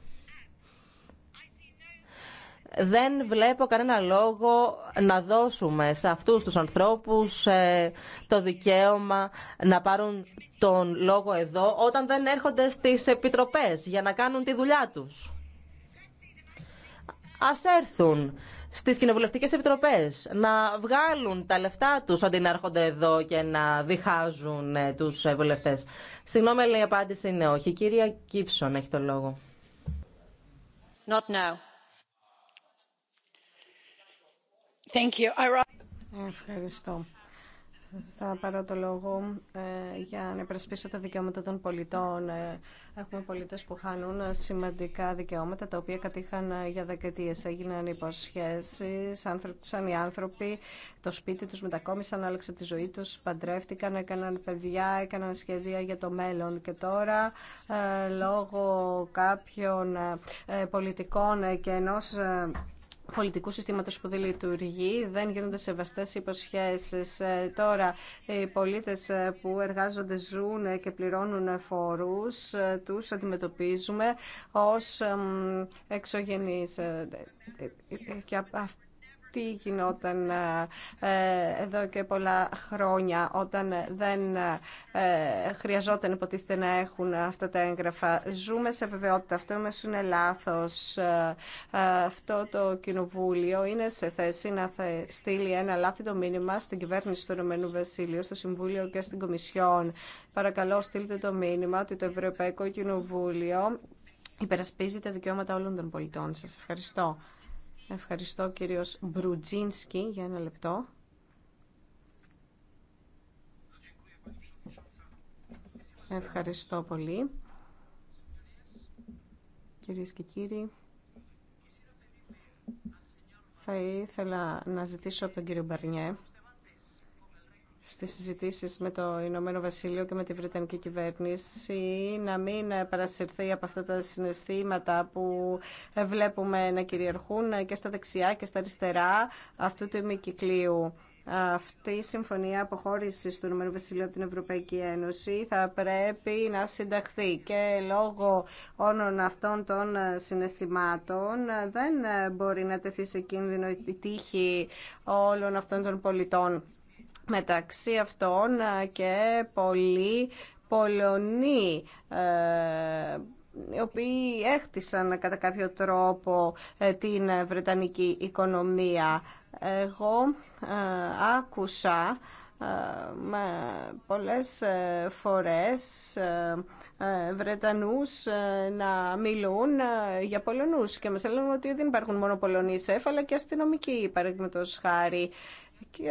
δεν βλέπω κανένα λόγο να δώσουμε σε αυτούς τους ανθρώπους ε, το δικαίωμα να πάρουν τον λόγο εδώ όταν δεν έρχονται στις επιτροπές για να κάνουν τη δουλειά τους. Ας έρθουν στις κοινοβουλευτικές επιτροπές να βγάλουν τα λεφτά τους αντί να έρχονται εδώ και να διχάζουν ε, τους ε, βουλευτές. Συγγνώμη, η απάντηση είναι όχι. Η κυρία Κίψον έχει το λόγο. Not now. Ευχαριστώ. Θα πάρω το λόγο ε, για να υπερασπίσω τα δικαιώματα των πολιτών. Ε, έχουμε πολίτε που χάνουν σημαντικά δικαιώματα τα οποία κατήχαν ε, για δεκαετίε. Έγιναν υποσχέσει, σαν οι άνθρωποι το σπίτι του, μετακόμισαν, άλλαξε τη ζωή του, παντρεύτηκαν, έκαναν παιδιά, έκαναν σχέδια για το μέλλον. Και τώρα λόγω κάποιων πολιτικών και ενό πολιτικού συστήματος που δεν λειτουργεί, δεν γίνονται σεβαστές υποσχέσει. Ε, τώρα, οι πολίτες ε, που εργάζονται, ζουν και πληρώνουν φορού, ε, τους αντιμετωπίζουμε ως εξωγενείς. Και τι γινόταν ε, ε, εδώ και πολλά χρόνια όταν δεν ε, χρειαζόταν υποτίθεται να έχουν αυτά τα έγγραφα. Ζούμε σε βεβαιότητα. Αυτό μας είναι λάθος. Αυτό το κοινοβούλιο είναι σε θέση να στείλει ένα λάθητο μήνυμα στην κυβέρνηση του Ηνωμένου Βασίλειου, στο Συμβούλιο και στην Κομισιόν. Παρακαλώ στείλτε το μήνυμα ότι το Ευρωπαϊκό Κοινοβούλιο υπερασπίζει τα δικαιώματα όλων των πολιτών. Σας ευχαριστώ. Ευχαριστώ κύριος Μπρουτζίνσκι για ένα λεπτό. Ευχαριστώ πολύ. Κυρίες και κύριοι, θα ήθελα να ζητήσω από τον κύριο Μπαρνιέ στις συζητήσεις με το Ηνωμένο Βασίλειο και με τη Βρετανική κυβέρνηση να μην παρασυρθεί από αυτά τα συναισθήματα που βλέπουμε να κυριαρχούν και στα δεξιά και στα αριστερά αυτού του ημικυκλίου. Αυτή η συμφωνία αποχώρηση του Ηνωμένου Βασιλείου από την Ευρωπαϊκή Ένωση θα πρέπει να συνταχθεί και λόγω όλων αυτών των συναισθημάτων δεν μπορεί να τεθεί σε κίνδυνο η τύχη όλων αυτών των πολιτών μεταξύ αυτών ε, και πολλοί Πολωνοί ε, οι οποίοι έχτισαν κατά κάποιο τρόπο ε, την Βρετανική οικονομία. Εγώ άκουσα με πολλές φορές Βρετανούς να μιλούν για Πολωνούς και μας έλεγαν ότι δεν υπάρχουν μόνο Πολωνοί σεφ και αστυνομικοί παραδείγματος χάρη και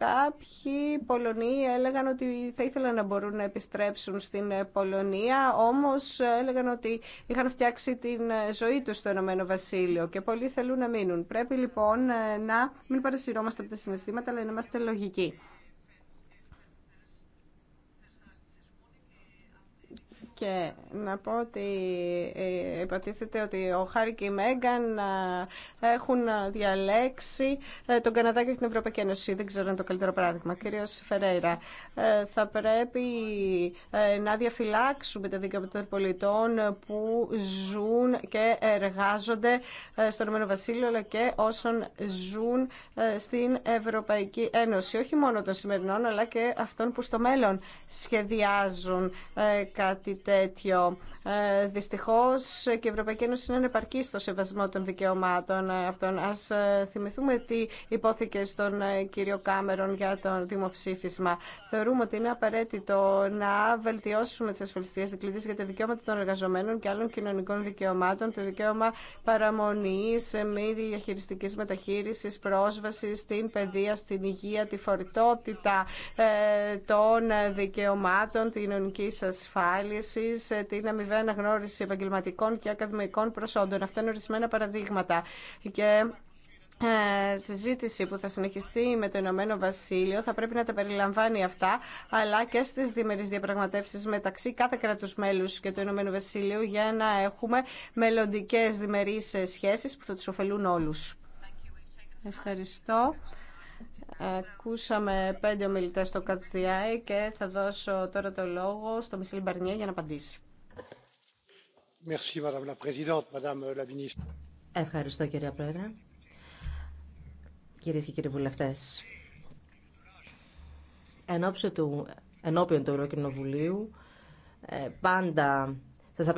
Κάποιοι Πολωνοί έλεγαν ότι θα ήθελαν να μπορούν να επιστρέψουν στην Πολωνία, όμως έλεγαν ότι είχαν φτιάξει την ζωή τους στο Ηνωμένο Βασίλειο και πολλοί θέλουν να μείνουν. Πρέπει λοιπόν να μην παρασυρώμαστε από τα συναισθήματα, αλλά να είμαστε λογικοί. Και να πω ότι ε, υποτίθεται ότι ο Χάρη και η Μέγκαν ε, έχουν διαλέξει ε, τον Καναδά και την Ευρωπαϊκή Ένωση. Δεν ξέρω αν είναι το καλύτερο παράδειγμα. Κύριο Φερέιρα, θα πρέπει να διαφυλάξουμε τα δίκαια των πολιτών που ζουν και εργάζονται στο Ρωμένο Βασίλειο αλλά και όσων ζουν στην Ευρωπαϊκή Ένωση. Όχι μόνο των σημερινών αλλά και αυτών που στο μέλλον σχεδιάζουν κάτι τέτοιο τέτοιο. Ε, δυστυχώς και η Ευρωπαϊκή Ένωση είναι επαρκή στο σεβασμό των δικαιωμάτων αυτών. Ας ε, θυμηθούμε τι υπόθηκε στον ε, κύριο Κάμερον για το δημοψήφισμα. Θεωρούμε ότι είναι απαραίτητο να βελτιώσουμε τι ασφαλιστικέ δικλείδε για τα δικαιώματα των εργαζομένων και άλλων κοινωνικών δικαιωμάτων, το δικαίωμα παραμονή μη διαχειριστική μεταχείριση, πρόσβαση στην παιδεία, στην υγεία, τη φορητότητα των δικαιωμάτων, την κοινωνική ασφάλεια εις ε, την αμοιβαία αναγνώριση επαγγελματικών και ακαδημαϊκών προσόντων. Αυτά είναι ορισμένα παραδείγματα. Και ε, συζήτηση που θα συνεχιστεί με το Ηνωμένο Βασίλειο θα πρέπει να τα περιλαμβάνει αυτά, αλλά και στις διμερείς διαπραγματεύσεις μεταξύ κάθε κράτου μέλους και του Ηνωμένου Βασίλειου για να έχουμε μελλοντικέ διμερείς ε, σχέσει που θα του ωφελούν όλου. Ευχαριστώ. Ακούσαμε πέντε ομιλητέ στο ΚΑΤΣΔΙΑΕ και θα δώσω τώρα το λόγο στο Μισελ Μπαρνιέ για να απαντήσει. Ευχαριστώ κυρία Πρόεδρε. Κυρίε και κύριοι βουλευτέ, του ενώπιον του Ευρωκοινοβουλίου, ε, πάντα σας